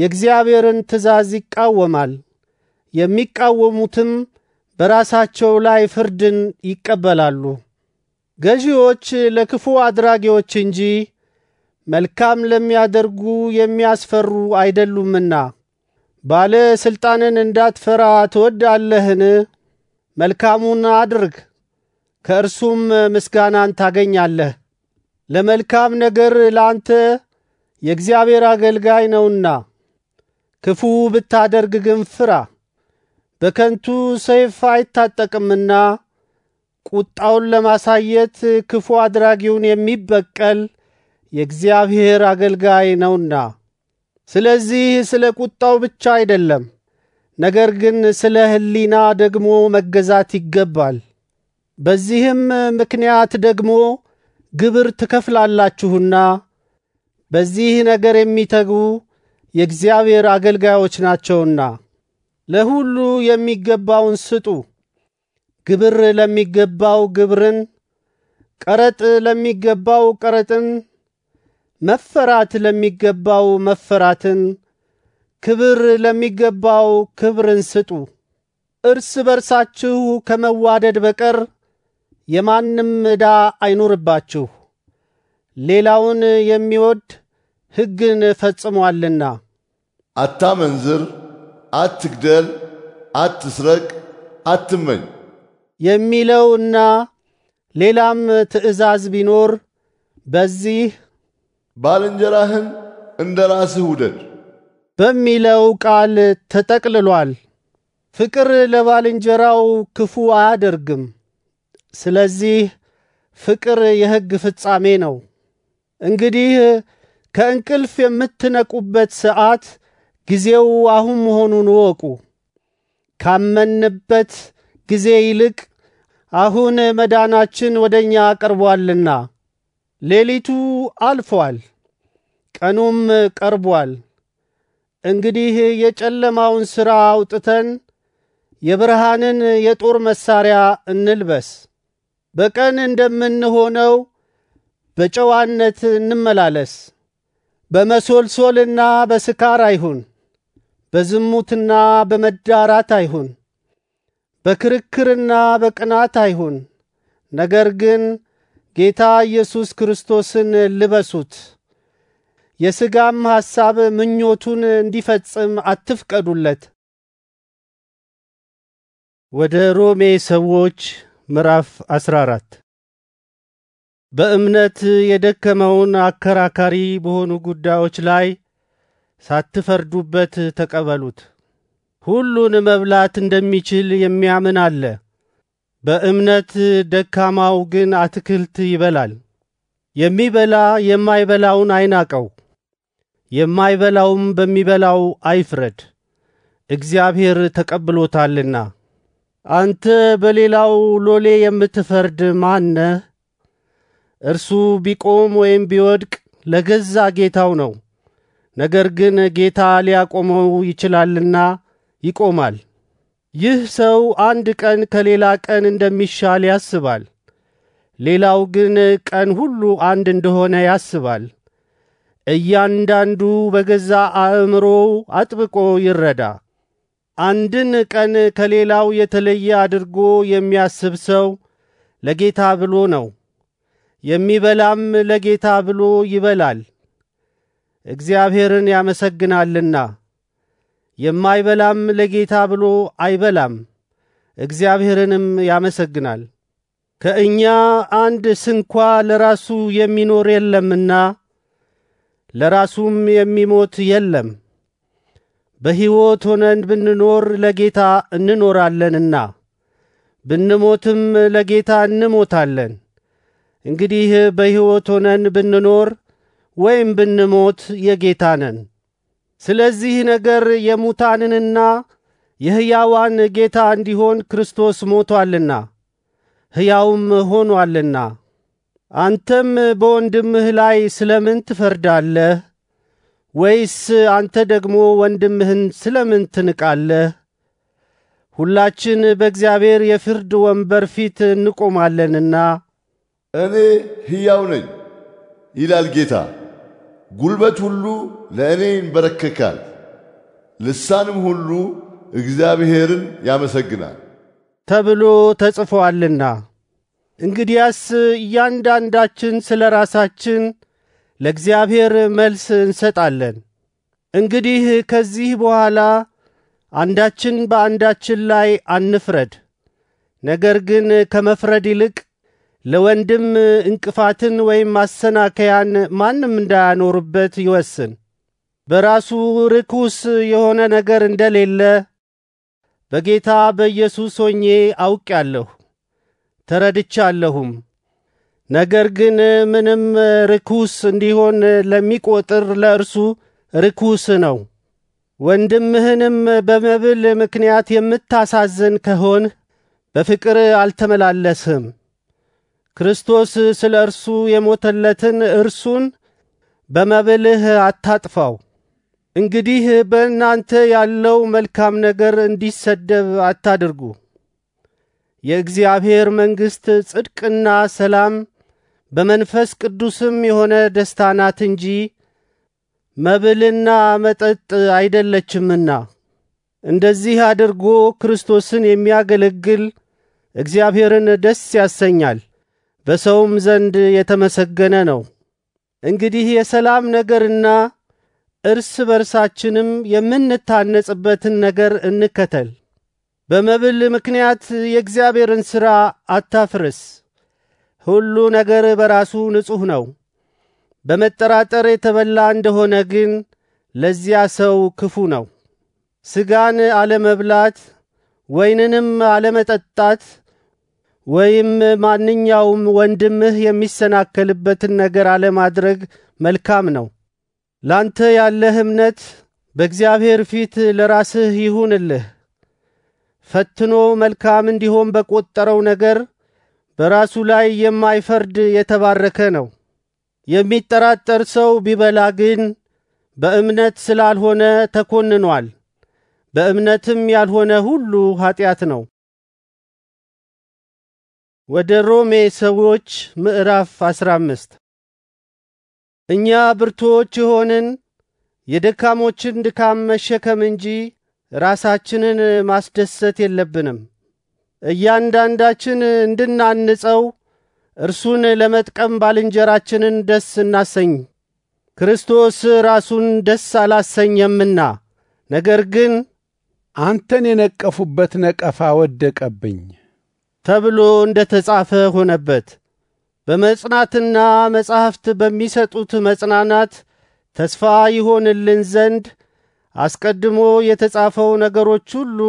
የእግዚአብሔርን ትእዛዝ ይቃወማል፣ የሚቃወሙትም በራሳቸው ላይ ፍርድን ይቀበላሉ። ገዢዎች ለክፉ አድራጊዎች እንጂ መልካም ለሚያደርጉ የሚያስፈሩ አይደሉምና። ባለ ስልጣንን እንዳትፈራ ትወዳለህን? መልካሙን አድርግ፣ ከእርሱም ምስጋናን ታገኛለህ። ለመልካም ነገር ለአንተ የእግዚአብሔር አገልጋይ ነውና። ክፉ ብታደርግ ግን ፍራ፣ በከንቱ ሰይፍ አይታጠቅምና ቁጣውን ለማሳየት ክፉ አድራጊውን የሚበቀል የእግዚአብሔር አገልጋይ ነውና። ስለዚህ ስለ ቁጣው ብቻ አይደለም፣ ነገር ግን ስለ ሕሊና ደግሞ መገዛት ይገባል። በዚህም ምክንያት ደግሞ ግብር ትከፍላላችሁና በዚህ ነገር የሚተጉ የእግዚአብሔር አገልጋዮች ናቸውና። ለሁሉ የሚገባውን ስጡ፣ ግብር ለሚገባው ግብርን፣ ቀረጥ ለሚገባው ቀረጥን፣ መፈራት ለሚገባው መፈራትን፣ ክብር ለሚገባው ክብርን ስጡ። እርስ በርሳችሁ ከመዋደድ በቀር የማንም ዕዳ አይኑርባችሁ። ሌላውን የሚወድ ሕግን ፈጽሟልና። አታመንዝር፣ አትግደል፣ አትስረቅ፣ አትመኝ የሚለውና ሌላም ትእዛዝ ቢኖር በዚህ ባልንጀራህን እንደ ራስህ ውደድ በሚለው ቃል ተጠቅልሏል። ፍቅር ለባልንጀራው ክፉ አያደርግም። ስለዚህ ፍቅር የሕግ ፍጻሜ ነው። እንግዲህ ከእንቅልፍ የምትነቁበት ሰዓት ጊዜው አሁን መሆኑን እወቁ። ካመንበት ጊዜ ይልቅ አሁን መዳናችን ወደ እኛ ቀርቧልና። ሌሊቱ አልፏል፣ ቀኑም ቀርቧል። እንግዲህ የጨለማውን ሥራ አውጥተን የብርሃንን የጦር መሳሪያ እንልበስ። በቀን እንደምንሆነው በጨዋነት እንመላለስ። በመሶልሶልና በስካር አይሁን፣ በዝሙትና በመዳራት አይሁን፣ በክርክርና በቅናት አይሁን፣ ነገር ግን ጌታ ኢየሱስ ክርስቶስን ልበሱት። የሥጋም ሐሳብ ምኞቱን እንዲፈጽም አትፍቀዱለት። ወደ ሮሜ ሰዎች ምዕራፍ 14 በእምነት የደከመውን አከራካሪ በሆኑ ጉዳዮች ላይ ሳትፈርዱበት ተቀበሉት። ሁሉን መብላት እንደሚችል የሚያምን አለ። በእምነት ደካማው ግን አትክልት ይበላል። የሚበላ የማይበላውን አይናቀው፣ የማይበላውም በሚበላው አይፍረድ፣ እግዚአብሔር ተቀብሎታልና። አንተ በሌላው ሎሌ የምትፈርድ ማነ? እርሱ ቢቆም ወይም ቢወድቅ ለገዛ ጌታው ነው። ነገር ግን ጌታ ሊያቆመው ይችላልና ይቆማል። ይህ ሰው አንድ ቀን ከሌላ ቀን እንደሚሻል ያስባል። ሌላው ግን ቀን ሁሉ አንድ እንደሆነ ያስባል። እያንዳንዱ በገዛ አእምሮው አጥብቆ ይረዳ። አንድን ቀን ከሌላው የተለየ አድርጎ የሚያስብ ሰው ለጌታ ብሎ ነው። የሚበላም ለጌታ ብሎ ይበላል፣ እግዚአብሔርን ያመሰግናልና። የማይበላም ለጌታ ብሎ አይበላም፣ እግዚአብሔርንም ያመሰግናል። ከእኛ አንድ ስንኳ ለራሱ የሚኖር የለምና ለራሱም የሚሞት የለም። በሕይወት ሆነን ብንኖር ለጌታ እንኖራለንና ብንሞትም ለጌታ እንሞታለን። እንግዲህ በሕይወት ሆነን ብንኖር ወይም ብንሞት የጌታ ነን። ስለዚህ ነገር የሙታንንና የሕያዋን ጌታ እንዲሆን ክርስቶስ ሞቶአልና ሕያውም ሆኖአልና አንተም በወንድምህ ላይ ስለምን ትፈርዳለህ? ወይስ አንተ ደግሞ ወንድምህን ስለምን ትንቃለህ? ሁላችን በእግዚአብሔር የፍርድ ወንበር ፊት እንቆማለንና። እኔ ሕያው ነኝ ይላል ጌታ። ጉልበት ሁሉ ለእኔ ይንበረከካል፣ ልሳንም ሁሉ እግዚአብሔርን ያመሰግናል ተብሎ ተጽፎአልና። እንግዲያስ እያንዳንዳችን ስለ ራሳችን ለእግዚአብሔር መልስ እንሰጣለን። እንግዲህ ከዚህ በኋላ አንዳችን በአንዳችን ላይ አንፍረድ፣ ነገር ግን ከመፍረድ ይልቅ ለወንድም እንቅፋትን ወይም ማሰናከያን ማንም እንዳያኖርበት ይወስን። በራሱ ርኩስ የሆነ ነገር እንደሌለ በጌታ በኢየሱስ ሆኜ አውቅያለሁ ተረድቻለሁም። ነገር ግን ምንም ርኩስ እንዲሆን ለሚቆጥር ለእርሱ ርኩስ ነው። ወንድምህንም በመብል ምክንያት የምታሳዝን ከሆን በፍቅር አልተመላለስህም። ክርስቶስ ስለ እርሱ የሞተለትን እርሱን በመብልህ አታጥፋው። እንግዲህ በእናንተ ያለው መልካም ነገር እንዲሰደብ አታድርጉ። የእግዚአብሔር መንግሥት ጽድቅና ሰላም በመንፈስ ቅዱስም የሆነ ደስታ ናት እንጂ መብልና መጠጥ አይደለችምና። እንደዚህ አድርጎ ክርስቶስን የሚያገለግል እግዚአብሔርን ደስ ያሰኛል። በሰውም ዘንድ የተመሰገነ ነው። እንግዲህ የሰላም ነገርና እርስ በርሳችንም የምንታነጽበትን ነገር እንከተል። በመብል ምክንያት የእግዚአብሔርን ሥራ አታፍርስ። ሁሉ ነገር በራሱ ንጹሕ ነው። በመጠራጠር የተበላ እንደሆነ ግን ለዚያ ሰው ክፉ ነው። ሥጋን አለመብላት ወይንንም አለመጠጣት ወይም ማንኛውም ወንድምህ የሚሰናከልበትን ነገር አለማድረግ መልካም ነው። ላንተ ያለህ እምነት በእግዚአብሔር ፊት ለራስህ ይሁንልህ። ፈትኖ መልካም እንዲሆን በቆጠረው ነገር በራሱ ላይ የማይፈርድ የተባረከ ነው። የሚጠራጠር ሰው ቢበላ ግን በእምነት ስላልሆነ ተኮንኗል። በእምነትም ያልሆነ ሁሉ ኀጢአት ነው። ወደ ሮሜ ሰዎች ምዕራፍ 15 እኛ ብርቱዎች የሆንን የደካሞችን ድካም መሸከም እንጂ ራሳችንን ማስደሰት የለብንም። እያንዳንዳችን እንድናንጸው እርሱን ለመጥቀም ባልንጀራችንን ደስ እናሰኝ። ክርስቶስ ራሱን ደስ አላሰኘምና፣ ነገር ግን አንተን የነቀፉበት ነቀፋ ወደቀብኝ ተብሎ እንደ ተጻፈ ሆነበት። በመጽናትና መጻሕፍት በሚሰጡት መጽናናት ተስፋ ይሆንልን ዘንድ አስቀድሞ የተጻፈው ነገሮች ሁሉ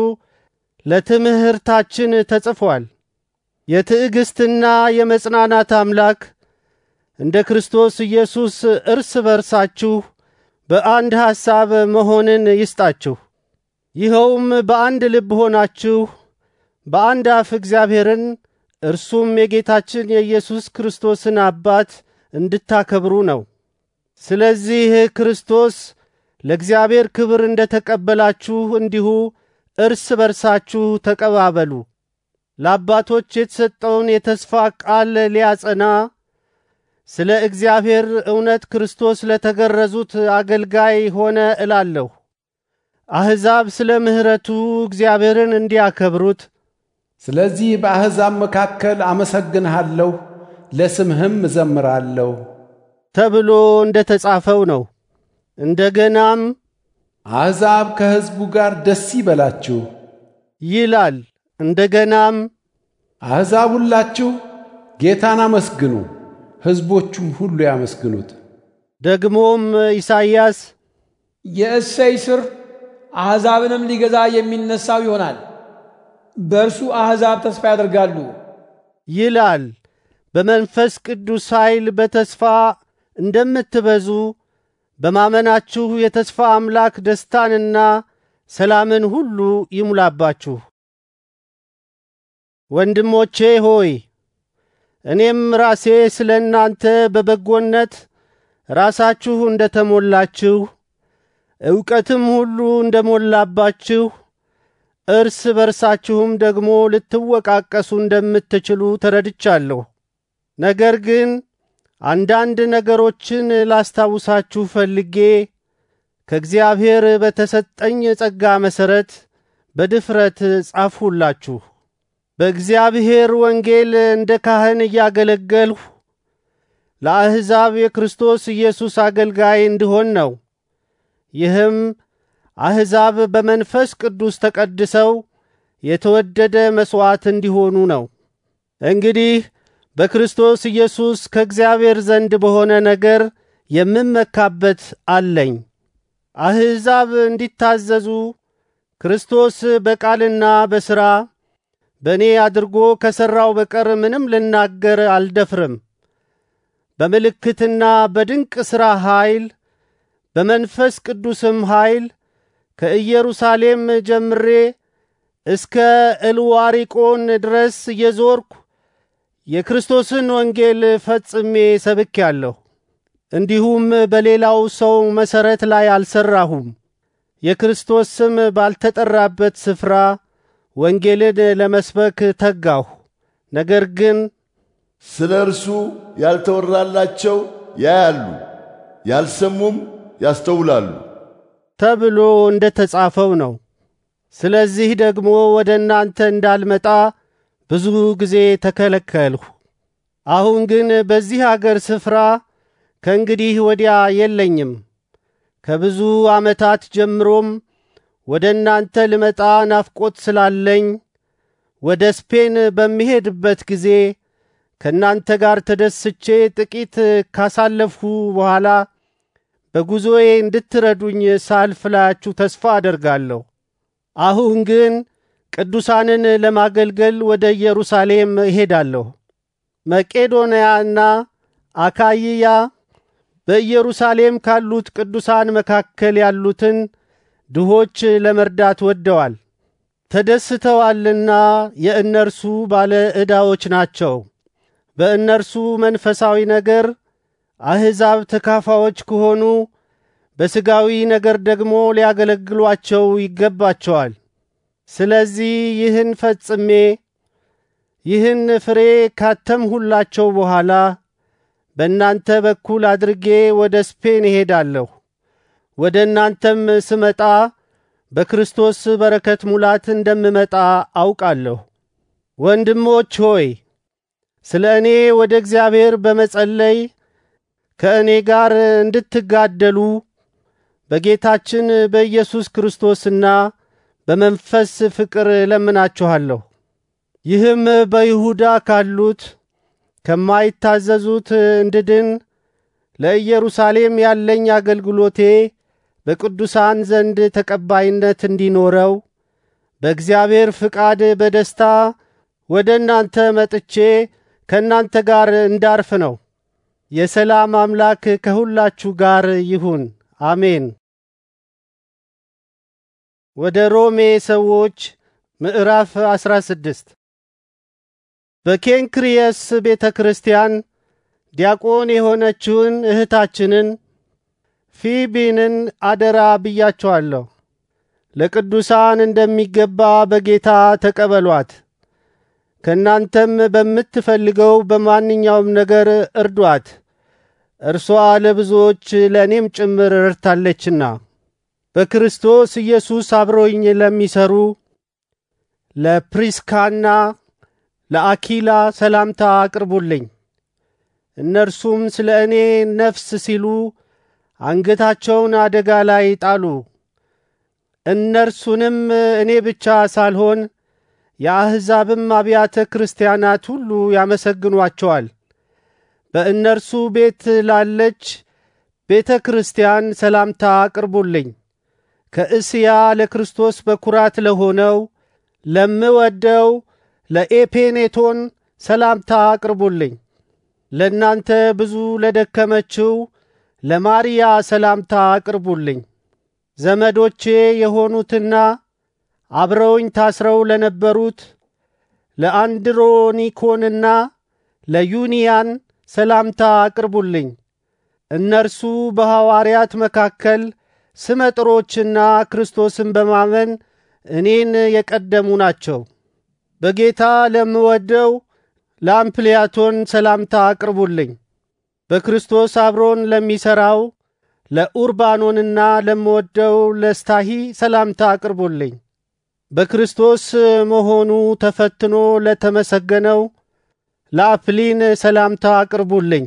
ለትምህርታችን ተጽፏል። የትዕግስትና የመጽናናት አምላክ እንደ ክርስቶስ ኢየሱስ እርስ በርሳችሁ በአንድ ሐሳብ መሆንን ይስጣችሁ። ይኸውም በአንድ ልብ ሆናችሁ በአንድ አፍ እግዚአብሔርን እርሱም የጌታችን የኢየሱስ ክርስቶስን አባት እንድታከብሩ ነው። ስለዚህ ክርስቶስ ለእግዚአብሔር ክብር እንደ ተቀበላችሁ እንዲሁ እርስ በርሳችሁ ተቀባበሉ። ለአባቶች የተሰጠውን የተስፋ ቃል ሊያጸና ስለ እግዚአብሔር እውነት ክርስቶስ ለተገረዙት አገልጋይ ሆነ እላለሁ። አሕዛብ ስለ ምሕረቱ እግዚአብሔርን እንዲያከብሩት ስለዚህ በአሕዛብ መካከል አመሰግንሃለሁ፣ ለስምህም እዘምራለሁ ተብሎ እንደ ተጻፈው ነው። እንደገናም አሕዛብ ከሕዝቡ ጋር ደስ ይበላችሁ ይላል። እንደገናም አሕዛብ ሁላችሁ ጌታን አመስግኑ፣ ሕዝቦቹም ሁሉ ያመስግኑት። ደግሞም ኢሳይያስ የእሰይ ሥር አሕዛብንም ሊገዛ የሚነሳው ይሆናል በእርሱ አሕዛብ ተስፋ ያደርጋሉ ይላል። በመንፈስ ቅዱስ ኃይል በተስፋ እንደምትበዙ በማመናችሁ የተስፋ አምላክ ደስታንና ሰላምን ሁሉ ይሙላባችሁ። ወንድሞቼ ሆይ እኔም ራሴ ስለ እናንተ በበጎነት ራሳችሁ እንደ ተሞላችሁ እውቀትም ሁሉ እንደ ሞላባችሁ እርስ በርሳችሁም ደግሞ ልትወቃቀሱ እንደምትችሉ ተረድቻለሁ። ነገር ግን አንዳንድ ነገሮችን ላስታውሳችሁ ፈልጌ ከእግዚአብሔር በተሰጠኝ ጸጋ መሰረት በድፍረት ጻፍሁላችሁ። በእግዚአብሔር ወንጌል እንደ ካህን እያገለገልሁ ለአሕዛብ የክርስቶስ ኢየሱስ አገልጋይ እንድሆን ነው። ይህም አሕዛብ በመንፈስ ቅዱስ ተቀድሰው የተወደደ መሥዋዕት እንዲሆኑ ነው። እንግዲህ በክርስቶስ ኢየሱስ ከእግዚአብሔር ዘንድ በሆነ ነገር የምመካበት አለኝ። አሕዛብ እንዲታዘዙ ክርስቶስ በቃልና በሥራ በእኔ አድርጎ ከሠራው በቀር ምንም ልናገር አልደፍርም። በምልክትና በድንቅ ሥራ ኀይል በመንፈስ ቅዱስም ኀይል ከኢየሩሳሌም ጀምሬ እስከ እልዋሪቆን ድረስ የዞርኩ የክርስቶስን ወንጌል ፈጽሜ ሰብኬአለሁ። እንዲሁም በሌላው ሰው መሰረት ላይ አልሰራሁም። የክርስቶስ ስም ባልተጠራበት ስፍራ ወንጌልን ለመስበክ ተጋሁ። ነገር ግን ስለ እርሱ ያልተወራላቸው ያያሉ፣ ያልሰሙም ያስተውላሉ ተብሎ እንደ ተጻፈው ነው። ስለዚህ ደግሞ ወደ እናንተ እንዳልመጣ ብዙ ጊዜ ተከለከልሁ። አሁን ግን በዚህ አገር ስፍራ ከእንግዲህ ወዲያ የለኝም። ከብዙ ዓመታት ጀምሮም ወደ እናንተ ልመጣ ናፍቆት ስላለኝ ወደ ስፔን በሚሄድበት ጊዜ ከእናንተ ጋር ተደስቼ ጥቂት ካሳለፍሁ በኋላ በጉዞዬ እንድትረዱኝ ሳልፍላችሁ ተስፋ አደርጋለሁ። አሁን ግን ቅዱሳንን ለማገልገል ወደ ኢየሩሳሌም እሄዳለሁ። መቄዶንያና አካይያ በኢየሩሳሌም ካሉት ቅዱሳን መካከል ያሉትን ድሆች ለመርዳት ወደዋል ተደስተዋልና የእነርሱ ባለ ዕዳዎች ናቸው። በእነርሱ መንፈሳዊ ነገር አሕዛብ ተካፋዎች ከሆኑ በስጋዊ ነገር ደግሞ ሊያገለግሏቸው ይገባቸዋል። ስለዚህ ይህን ፈጽሜ ይህን ፍሬ ካተምሁላቸው በኋላ በእናንተ በኩል አድርጌ ወደ ስፔን እሄዳለሁ። ወደ እናንተም ስመጣ በክርስቶስ በረከት ሙላት እንደምመጣ አውቃለሁ። ወንድሞች ሆይ ስለ እኔ ወደ እግዚአብሔር በመጸለይ ከእኔ ጋር እንድትጋደሉ በጌታችን በኢየሱስ ክርስቶስና በመንፈስ ፍቅር እለምናችኋለሁ። ይህም በይሁዳ ካሉት ከማይታዘዙት እንድድን ለኢየሩሳሌም ያለኝ አገልግሎቴ በቅዱሳን ዘንድ ተቀባይነት እንዲኖረው በእግዚአብሔር ፍቃድ በደስታ ወደ እናንተ መጥቼ ከእናንተ ጋር እንዳርፍ ነው። የሰላም አምላክ ከሁላችሁ ጋር ይሁን፣ አሜን። ወደ ሮሜ ሰዎች ምዕራፍ 16 በኬንክሪየስ ቤተ ክርስቲያን ዲያቆን የሆነችውን እህታችንን ፊቢንን አደራ ብያችኋለሁ። ለቅዱሳን እንደሚገባ በጌታ ተቀበሏት። ከናንተም በምትፈልገው በማንኛውም ነገር እርዷት። እርሷ ለብዙዎች ለእኔም ጭምር ረድታለችና በክርስቶስ ኢየሱስ አብረውኝ ለሚሰሩ ለፕሪስካና ለአኪላ ሰላምታ አቅርቡልኝ። እነርሱም ስለ እኔ ነፍስ ሲሉ አንገታቸውን አደጋ ላይ ጣሉ። እነርሱንም እኔ ብቻ ሳልሆን የአሕዛብም አብያተ ክርስቲያናት ሁሉ ያመሰግኗቸዋል። በእነርሱ ቤት ላለች ቤተ ክርስቲያን ሰላምታ አቅርቡልኝ። ከእስያ ለክርስቶስ በኩራት ለሆነው ለምወደው ለኤፔኔቶን ሰላምታ አቅርቡልኝ። ለእናንተ ብዙ ለደከመችው ለማርያ ሰላምታ አቅርቡልኝ። ዘመዶቼ የሆኑትና አብረውኝ ታስረው ለነበሩት ለአንድሮኒኮንና ለዩኒያን ሰላምታ አቅርቡልኝ። እነርሱ በሐዋርያት መካከል ስመጥሮችና ክርስቶስን በማመን እኔን የቀደሙ ናቸው። በጌታ ለምወደው ለአምፕልያቶን ሰላምታ አቅርቡልኝ። በክርስቶስ አብሮን ለሚሰራው ለኡርባኖንና ለምወደው ለስታሂ ሰላምታ አቅርቡልኝ። በክርስቶስ መሆኑ ተፈትኖ ለተመሰገነው ላፍሊን ሰላምታ አቅርቡልኝ።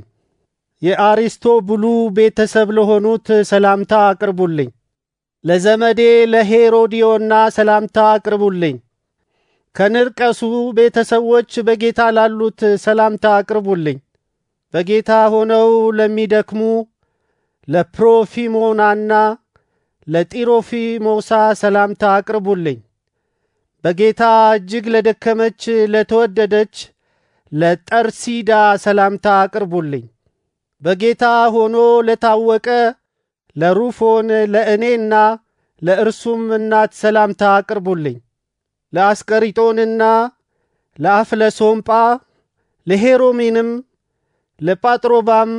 ብሉ ቤተሰብ ለሆኑት ሰላምታ አቅርቡልኝ። ለዘመዴ ለሄሮዲዮና ሰላምታ አቅርቡልኝ። ከንርቀሱ ቤተሰቦች በጌታ ላሉት ሰላምታ አቅርቡልኝ። በጌታ ሆነው ለሚደክሙ ለፕሮፊሞናና ለጢሮፊሞሳ ሰላምታ አቅርቡልኝ። በጌታ እጅግ ለደከመች ለተወደደች ለጠርሲዳ ሰላምታ አቅርቡልኝ። በጌታ ሆኖ ለታወቀ ለሩፎን ለእኔና ለእርሱም እናት ሰላምታ አቅርቡልኝ። ለአስቀሪጦንና ለአፍለሶምጳ ለሄሮሚንም ፣ ለጳጥሮባም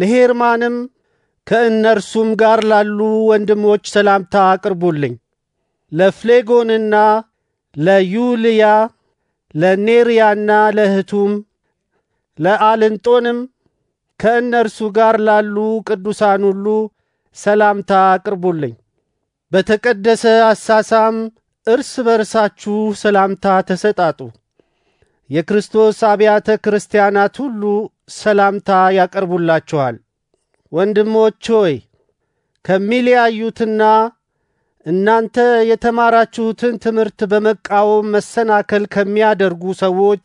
ለሄርማንም ከእነርሱም ጋር ላሉ ወንድሞች ሰላምታ አቅርቡልኝ። ለፍሌጎንና ለዩልያ ለኔርያና ለእህቱም ለአልንጦንም ከእነርሱ ጋር ላሉ ቅዱሳን ሁሉ ሰላምታ አቅርቡልኝ። በተቀደሰ አሳሳም እርስ በርሳችሁ ሰላምታ ተሰጣጡ። የክርስቶስ አብያተ ክርስቲያናት ሁሉ ሰላምታ ያቀርቡላችኋል። ወንድሞች ሆይ ከሚለያዩትና እናንተ የተማራችሁትን ትምህርት በመቃወም መሰናከል ከሚያደርጉ ሰዎች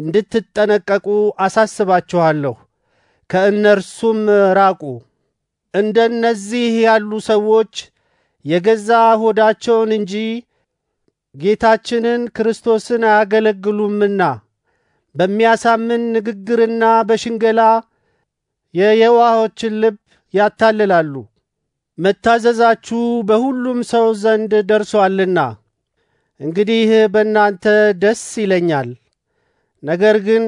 እንድትጠነቀቁ አሳስባችኋለሁ። ከእነርሱም ራቁ። እንደነዚህ ያሉ ሰዎች የገዛ ሆዳቸውን እንጂ ጌታችንን ክርስቶስን አያገለግሉምና በሚያሳምን ንግግርና በሽንገላ የየዋሆችን ልብ ያታልላሉ። መታዘዛችሁ በሁሉም ሰው ዘንድ ደርሶአልና እንግዲህ በእናንተ ደስ ይለኛል። ነገር ግን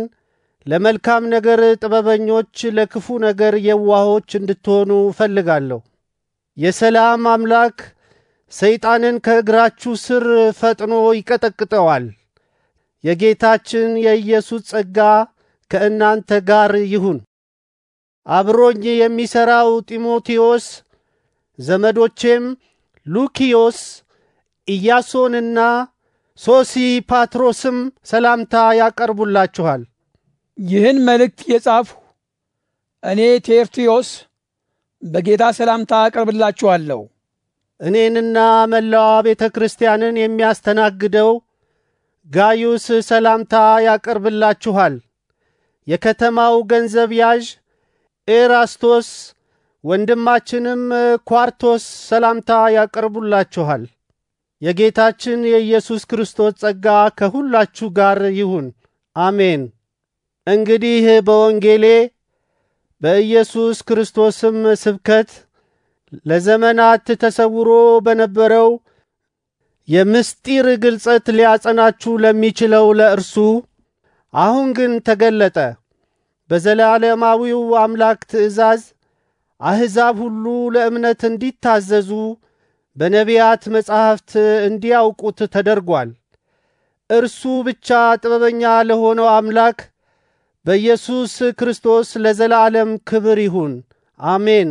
ለመልካም ነገር ጥበበኞች፣ ለክፉ ነገር የዋሆች እንድትሆኑ እፈልጋለሁ። የሰላም አምላክ ሰይጣንን ከእግራችሁ ስር ፈጥኖ ይቀጠቅጠዋል። የጌታችን የኢየሱስ ጸጋ ከእናንተ ጋር ይሁን። አብሮኝ የሚሠራው ጢሞቴዎስ ዘመዶቼም ሉኪዮስ፣ ኢያሶንና ሶሲፓትሮስም ሰላምታ ያቀርቡላችኋል። ይህን መልእክት የጻፍሁ እኔ ቴርቲዮስ በጌታ ሰላምታ አቀርብላችኋለሁ። እኔንና መላዋ ቤተ ክርስቲያንን የሚያስተናግደው ጋዩስ ሰላምታ ያቀርብላችኋል። የከተማው ገንዘብ ያዥ ኤራስቶስ ወንድማችንም ኳርቶስ ሰላምታ ያቀርቡላችኋል። የጌታችን የኢየሱስ ክርስቶስ ጸጋ ከሁላችሁ ጋር ይሁን፣ አሜን። እንግዲህ በወንጌሌ በኢየሱስ ክርስቶስም ስብከት ለዘመናት ተሰውሮ በነበረው የምስጢር ግልጸት ሊያጸናችሁ ለሚችለው ለእርሱ አሁን ግን ተገለጠ። በዘላለማዊው አምላክ ትእዛዝ አሕዛብ ሁሉ ለእምነት እንዲታዘዙ በነቢያት መጻሕፍት እንዲያውቁት ተደርጓል። እርሱ ብቻ ጥበበኛ ለሆነው አምላክ በኢየሱስ ክርስቶስ ለዘላለም ክብር ይሁን፣ አሜን።